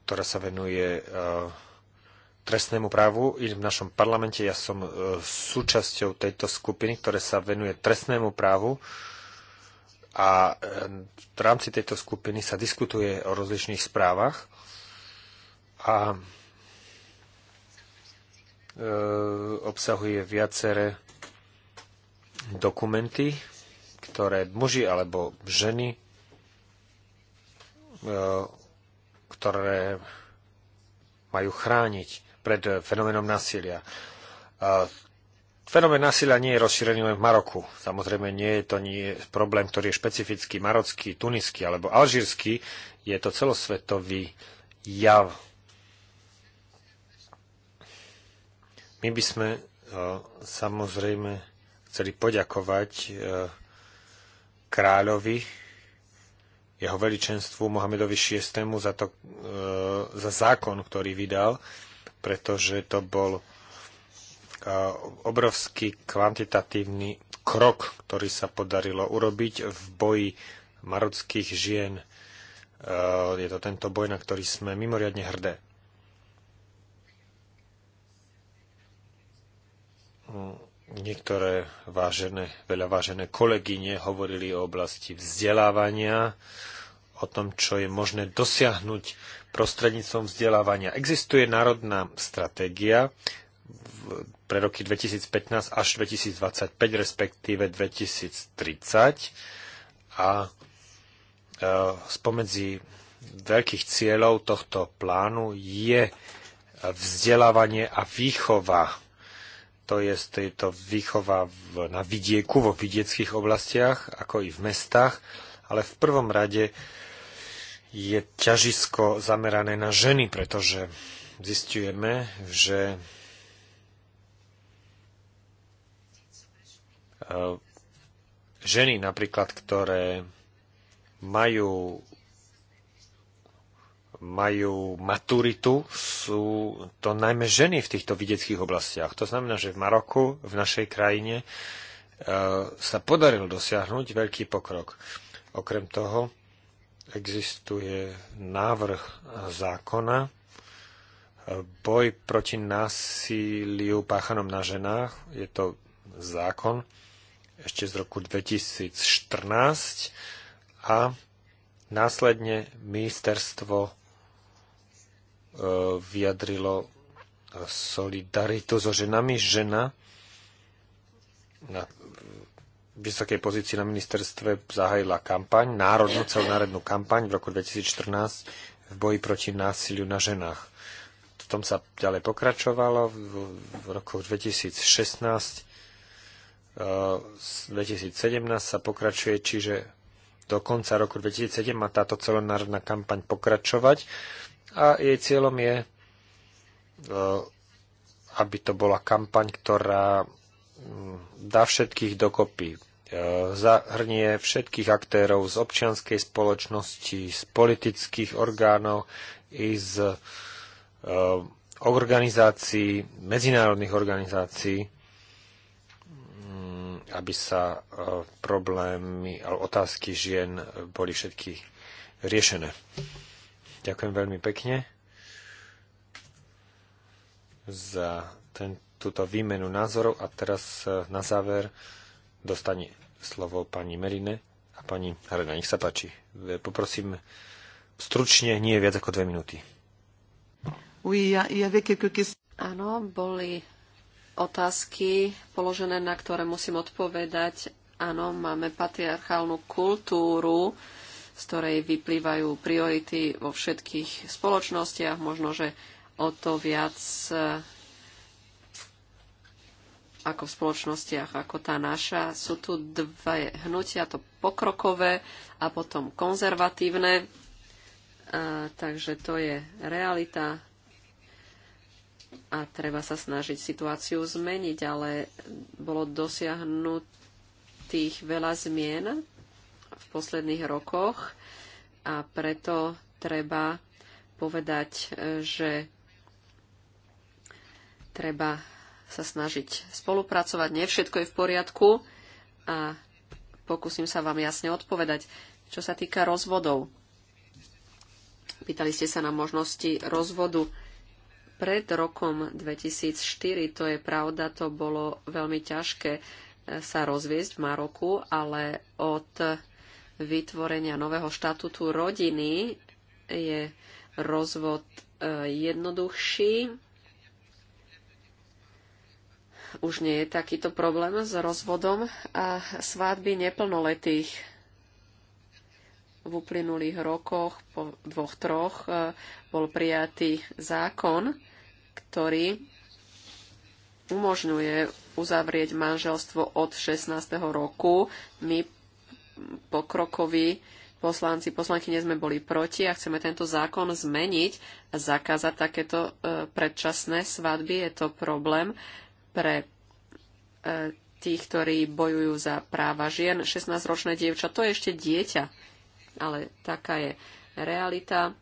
ktorá sa venuje uh, trestnému právu i v našom parlamente. Ja som e, súčasťou tejto skupiny, ktoré sa venuje trestnému právu a e, v rámci tejto skupiny sa diskutuje o rozličných správach a e, obsahuje viaceré dokumenty, ktoré muži alebo ženy, ktoré majú chrániť pred fenoménom násilia. Fenomén násilia nie je rozšírený len v Maroku. Samozrejme, nie je to nie problém, ktorý je špecifický marocký, tunisky alebo alžírsky. Je to celosvetový jav. My by sme e, samozrejme chceli poďakovať e, kráľovi, jeho veličenstvu Mohamedovi VI za, to, e, za zákon, ktorý vydal pretože to bol obrovský kvantitatívny krok, ktorý sa podarilo urobiť v boji marockých žien. Je to tento boj, na ktorý sme mimoriadne hrdé. Niektoré vážené, veľa vážené kolegyne hovorili o oblasti vzdelávania, o tom, čo je možné dosiahnuť prostredníctvom vzdelávania. Existuje národná stratégia pre roky 2015 až 2025, respektíve 2030 a e, spomedzi veľkých cieľov tohto plánu je vzdelávanie a výchova. To je, je to výchova v, na vidieku, vo vidieckých oblastiach, ako i v mestách, ale v prvom rade je ťažisko zamerané na ženy, pretože zistujeme, že eh, ženy napríklad, ktoré majú majú maturitu, sú to najmä ženy v týchto vidieckých oblastiach. To znamená, že v Maroku, v našej krajine, eh, sa podarilo dosiahnuť veľký pokrok. Okrem toho, existuje návrh zákona boj proti násiliu páchanom na ženách. Je to zákon ešte z roku 2014 a následne ministerstvo e, vyjadrilo solidaritu so ženami. Žena vysokej pozícii na ministerstve zahájila kampaň, národnú celonárodnú kampaň v roku 2014 v boji proti násiliu na ženách. V tom sa ďalej pokračovalo. V roku 2016 2017 e, sa pokračuje, čiže do konca roku 2007 má táto celonárodná kampaň pokračovať a jej cieľom je, e, aby to bola kampaň, ktorá dá všetkých dokopy. E, zahrnie všetkých aktérov z občianskej spoločnosti, z politických orgánov i z e, organizácií, medzinárodných organizácií, mm, aby sa e, problémy alebo otázky žien boli všetky riešené. Ďakujem veľmi pekne za ten, túto výmenu názorov a teraz e, na záver dostane slovo pani Merine a pani Helena. Nech sa páči. E, poprosím stručne, nie viac ako dve minúty. Áno, boli otázky položené, na ktoré musím odpovedať. Áno, máme patriarchálnu kultúru, z ktorej vyplývajú priority vo všetkých spoločnostiach. Možno, že o to viac e, ako v spoločnostiach ako tá naša, sú tu dve hnutia, to pokrokové a potom konzervatívne. A, e, takže to je realita a treba sa snažiť situáciu zmeniť, ale bolo dosiahnutých veľa zmien v posledných rokoch a preto treba povedať, e, že treba sa snažiť spolupracovať. Nie všetko je v poriadku a pokúsim sa vám jasne odpovedať. Čo sa týka rozvodov, pýtali ste sa na možnosti rozvodu pred rokom 2004, to je pravda, to bolo veľmi ťažké eh, sa rozviesť v Maroku, ale od vytvorenia nového štatútu rodiny je rozvod eh, jednoduchší už nie je takýto problém s rozvodom a svádby neplnoletých v uplynulých rokoch, po dvoch, troch, e, bol prijatý zákon, ktorý umožňuje uzavrieť manželstvo od 16. roku. My pokrokoví poslanci, poslanky nie sme boli proti a chceme tento zákon zmeniť a zakázať takéto e, predčasné svadby. Je to problém pre e, tých, ktorí bojujú za práva žien. 16-ročné dievča, to je ešte dieťa, ale taká je realita.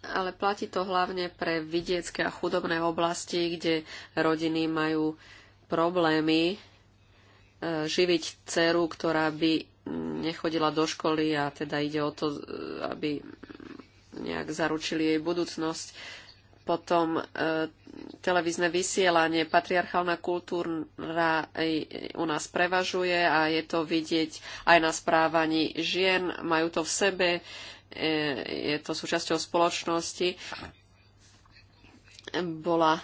Ale platí to hlavne pre vidiecké a chudobné oblasti, kde rodiny majú problémy e, živiť dceru, ktorá by nechodila do školy a teda ide o to, e, aby nejak zaručili jej budúcnosť potom e, televízne vysielanie, patriarchálna kultúra u nás prevažuje a je to vidieť aj na správaní žien, majú to v sebe, e, je to súčasťou spoločnosti. Bola e,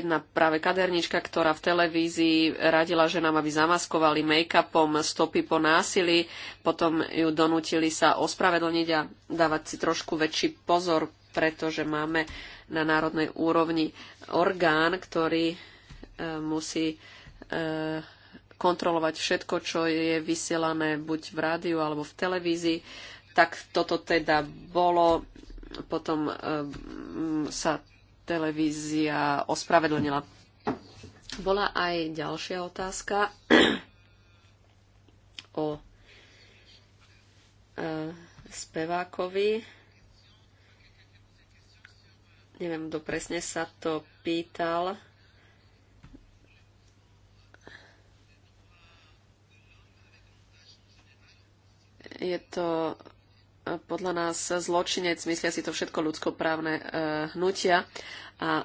jedna práve kadernička, ktorá v televízii radila ženám, aby zamaskovali make-upom stopy po násilí, potom ju donútili sa ospravedlniť a dávať si trošku väčší pozor pretože máme na národnej úrovni orgán, ktorý e, musí e, kontrolovať všetko, čo je vysielané buď v rádiu alebo v televízii. Tak toto teda bolo. Potom e, sa televízia ospravedlnila. Bola aj ďalšia otázka o spevákovi neviem, kto presne sa to pýtal. Je to e, podľa nás zločinec, myslia si to všetko ľudskoprávne e, hnutia a e,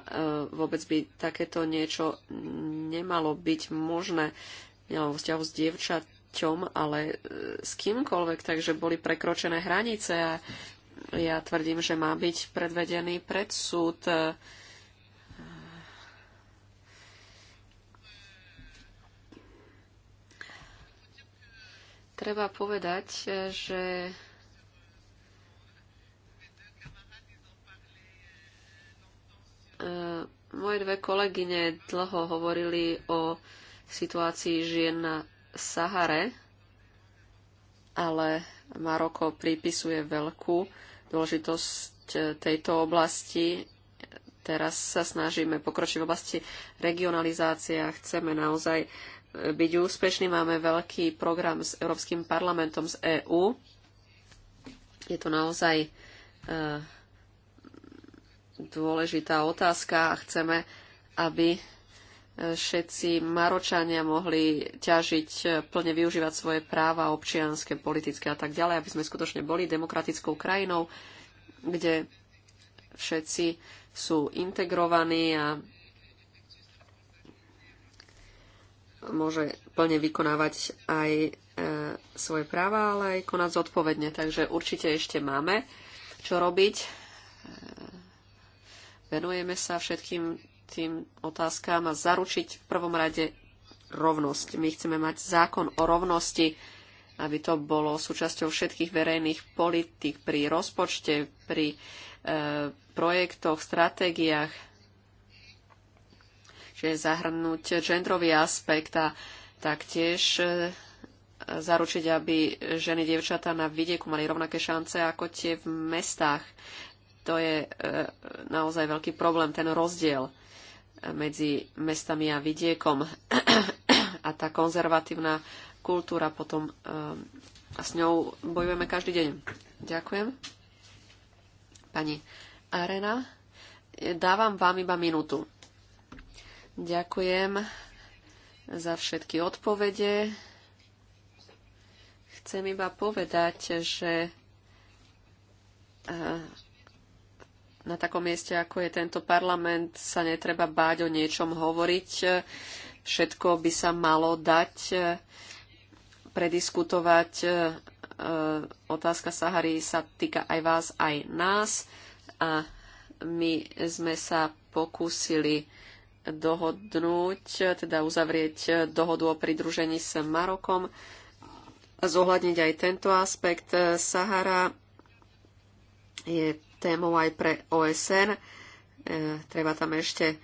vôbec by takéto niečo nemalo byť možné vo vzťahu s dievčaťom, ale e, s kýmkoľvek, takže boli prekročené hranice a ja tvrdím, že má byť predvedený pred súd. Treba povedať, že moje dve kolegyne dlho hovorili o situácii žien na Sahare, ale Maroko pripisuje veľkú dôležitosť e, tejto oblasti. Teraz sa snažíme pokročiť v oblasti regionalizácie a chceme naozaj e, byť úspešní. Máme veľký program s Európskym parlamentom z EÚ. Je to naozaj e, dôležitá otázka a chceme, aby všetci Maročania mohli ťažiť, plne využívať svoje práva občianske, politické a tak ďalej, aby sme skutočne boli demokratickou krajinou, kde všetci sú integrovaní a môže plne vykonávať aj e, svoje práva, ale aj konať zodpovedne. Takže určite ešte máme čo robiť. E, venujeme sa všetkým tým otázkam a zaručiť v prvom rade rovnosť. My chceme mať zákon o rovnosti, aby to bolo súčasťou všetkých verejných politik pri rozpočte, pri e, projektoch, stratégiách. Čiže zahrnúť genderový aspekt a taktiež e, zaručiť, aby ženy, dievčatá na vidieku mali rovnaké šance ako tie v mestách to je e, naozaj veľký problém, ten rozdiel medzi mestami a vidiekom. a tá konzervatívna kultúra potom eh, a s ňou bojujeme každý deň. Ďakujem. Pani Arena, eh, dávam vám iba minútu. Ďakujem za všetky odpovede. Chcem iba povedať, že eh, na takom mieste, ako je tento parlament, sa netreba báť o niečom hovoriť. Všetko by sa malo dať eh, prediskutovať. Eh, eh, otázka Sahary sa týka aj vás, aj nás. A my sme sa pokúsili dohodnúť, teda uzavrieť dohodu o pridružení s Marokom, zohľadniť aj tento aspekt. Sahara je témou aj pre OSN. E, treba tam ešte e,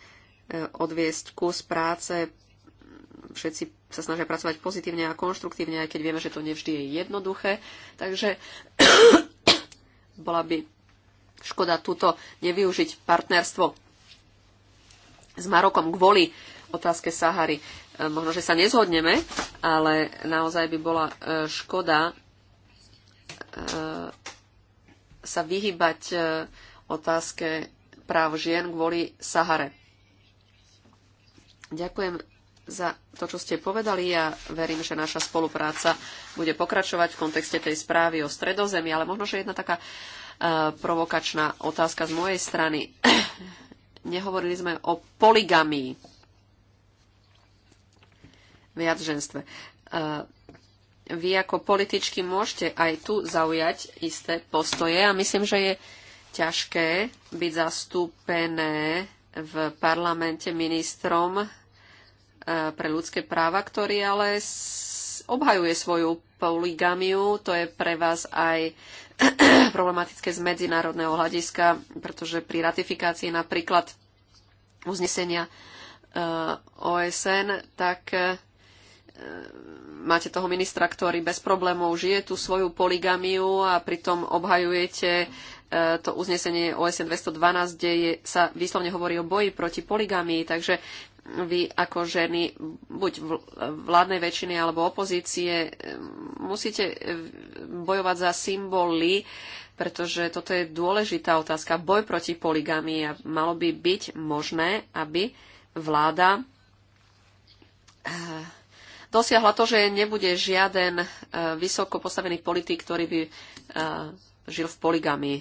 odviesť kus práce. Všetci sa snažia pracovať pozitívne a konštruktívne, aj keď vieme, že to nevždy je jednoduché. Takže bola by škoda túto nevyužiť partnerstvo s Marokom kvôli otázke Sahary. E, možno, že sa nezhodneme, ale naozaj by bola škoda sa vyhybať e, otázke práv žien kvôli Sahare. Ďakujem za to, čo ste povedali. Ja verím, že naša spolupráca bude pokračovať v kontexte tej správy o stredozemi, ale možno, že jedna taká e, provokačná otázka z mojej strany. Nehovorili sme o poligamii Viac ženstve. E, vy ako političky môžete aj tu zaujať isté postoje a myslím, že je ťažké byť zastúpené v parlamente ministrom eh, pre ľudské práva, ktorý ale obhajuje svoju poligamiu. To je pre vás aj problematické z medzinárodného hľadiska, pretože pri ratifikácii napríklad uznesenia eh, OSN, tak eh, máte toho ministra, ktorý bez problémov žije tú svoju poligamiu a pritom obhajujete e, to uznesenie OSN 212, kde je, sa výslovne hovorí o boji proti poligamii, takže vy ako ženy buď vládnej väčšiny alebo opozície e, musíte bojovať za symboly, pretože toto je dôležitá otázka. Boj proti poligamii a malo by byť možné, aby vláda e, dosiahla to, že nebude žiaden e, vysoko postavený politik, ktorý by e, žil v poligami.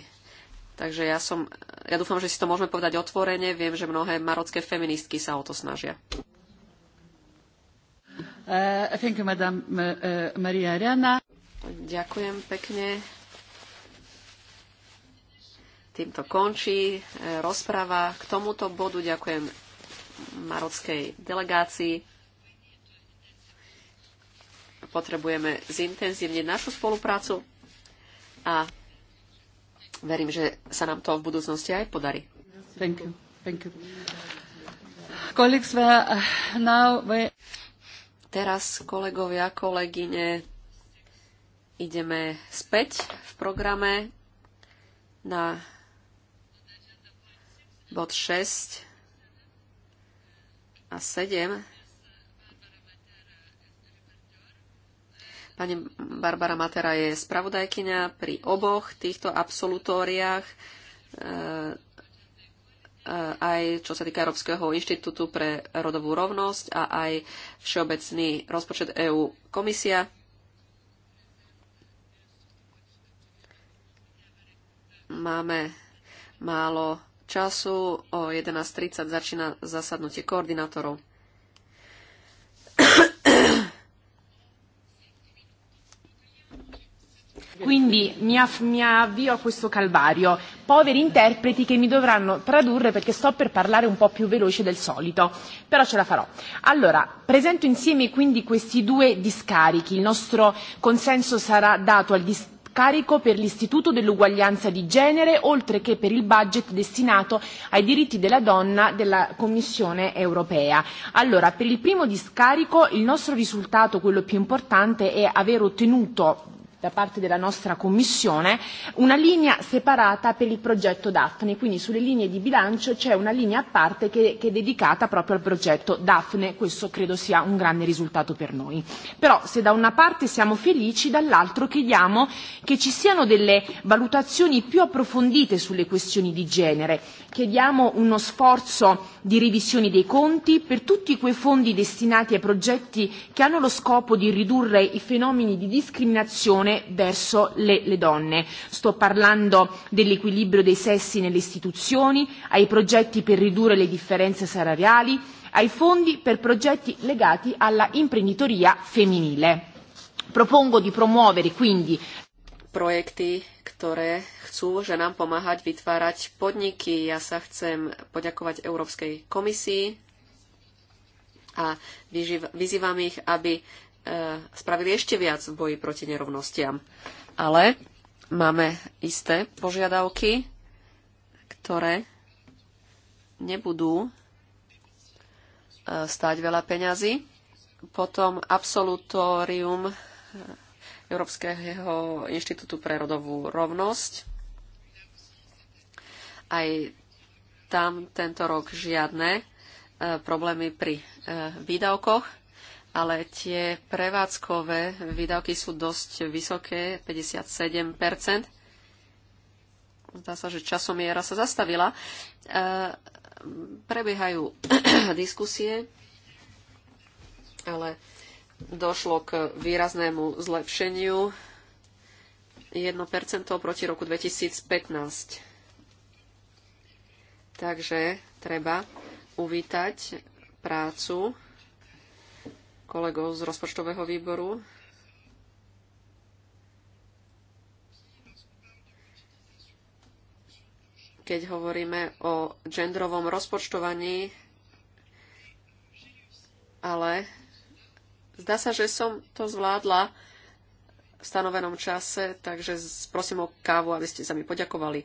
Takže ja som, ja dúfam, že si to môžeme povedať otvorene. Viem, že mnohé marocké feministky sa o to snažia. Uh, you, uh, uh Ďakujem pekne. Týmto končí uh, rozpráva k tomuto bodu. Ďakujem marockej delegácii. Potrebujeme zintenzívniť našu spoluprácu a verím, že sa nám to v budúcnosti aj podarí. Thank you. Thank you. Colleagues, uh, now we... Teraz, kolegovia, kolegyne, ideme späť v programe na bod 6 a 7 Pani Barbara Matera je spravodajkyňa pri oboch týchto absolutóriách, eh, aj čo sa týka Európskeho inštitútu pre rodovú rovnosť a aj Všeobecný rozpočet EÚ komisia. Máme málo času. O 11.30 začína zasadnutie koordinátorov. Quindi mi, mi avvio a questo calvario. Poveri interpreti che mi dovranno tradurre perché sto per parlare un po' più veloce del solito, però ce la farò. Allora, presento insieme quindi questi due discarichi. Il nostro consenso sarà dato al discarico carico per l'Istituto dell'uguaglianza di genere, oltre che per il budget destinato ai diritti della donna della Commissione europea. Allora, per il primo discarico il nostro risultato, quello più importante, è aver ottenuto da parte della nostra Commissione una linea separata per il progetto Daphne, quindi sulle linee di bilancio c'è una linea a parte che, che è dedicata proprio al progetto Daphne, questo credo sia un grande risultato per noi. Però se da una parte siamo felici, dall'altro chiediamo che ci siano delle valutazioni più approfondite sulle questioni di genere, chiediamo uno sforzo di revisione dei conti per tutti quei fondi destinati ai progetti che hanno lo scopo di ridurre i fenomeni di discriminazione verso le, le donne. Sto parlando dell'equilibrio dei sessi nelle istituzioni, ai progetti per ridurre le differenze salariali, ai fondi per progetti legati alla imprenditoria femminile. Propongo di promuovere quindi projekty, ktoré chcú ženám pomáhať vytvárať podniky. Ja sa chcem poďakovať Európskej komisii a vyzývam ich, aby E, spravili ešte viac v boji proti nerovnostiam. Ale máme isté požiadavky, ktoré nebudú e, stáť veľa peňazí. Potom absolutórium e, Európskeho inštitútu pre rodovú rovnosť. Aj tam tento rok žiadne problémy pri výdavkoch ale tie prevádzkové výdavky sú dosť vysoké, 57 Zdá sa, že časomiera sa zastavila. E, prebiehajú diskusie, ale došlo k výraznému zlepšeniu 1% proti roku 2015. Takže treba uvítať prácu kolegov z rozpočtového výboru. Keď hovoríme o genderovom rozpočtovaní, ale zdá sa, že som to zvládla v stanovenom čase, takže prosím o kávu, aby ste sa mi poďakovali.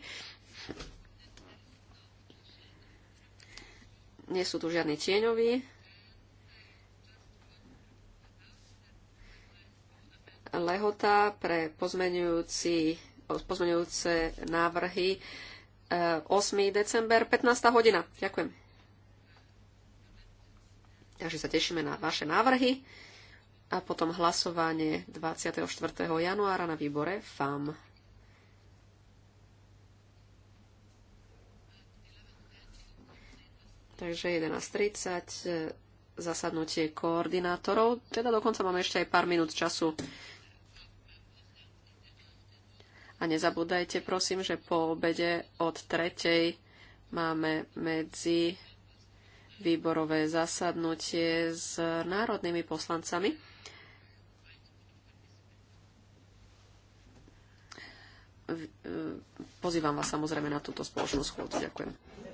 Nie sú tu žiadni tieňoví. Lehota pre pozmenujúce návrhy 8. Eh, december, 15. hodina. Ďakujem. Takže sa tešíme na vaše návrhy a potom hlasovanie 24. januára na výbore FAM. Takže 11.30 eh, zasadnutie koordinátorov. Teda dokonca máme ešte aj pár minút času a nezabúdajte, prosím, že po obede od tretej máme medzi výborové zasadnutie s národnými poslancami. E, pozývam vás samozrejme na túto spoločnú schôdzu. Ďakujem.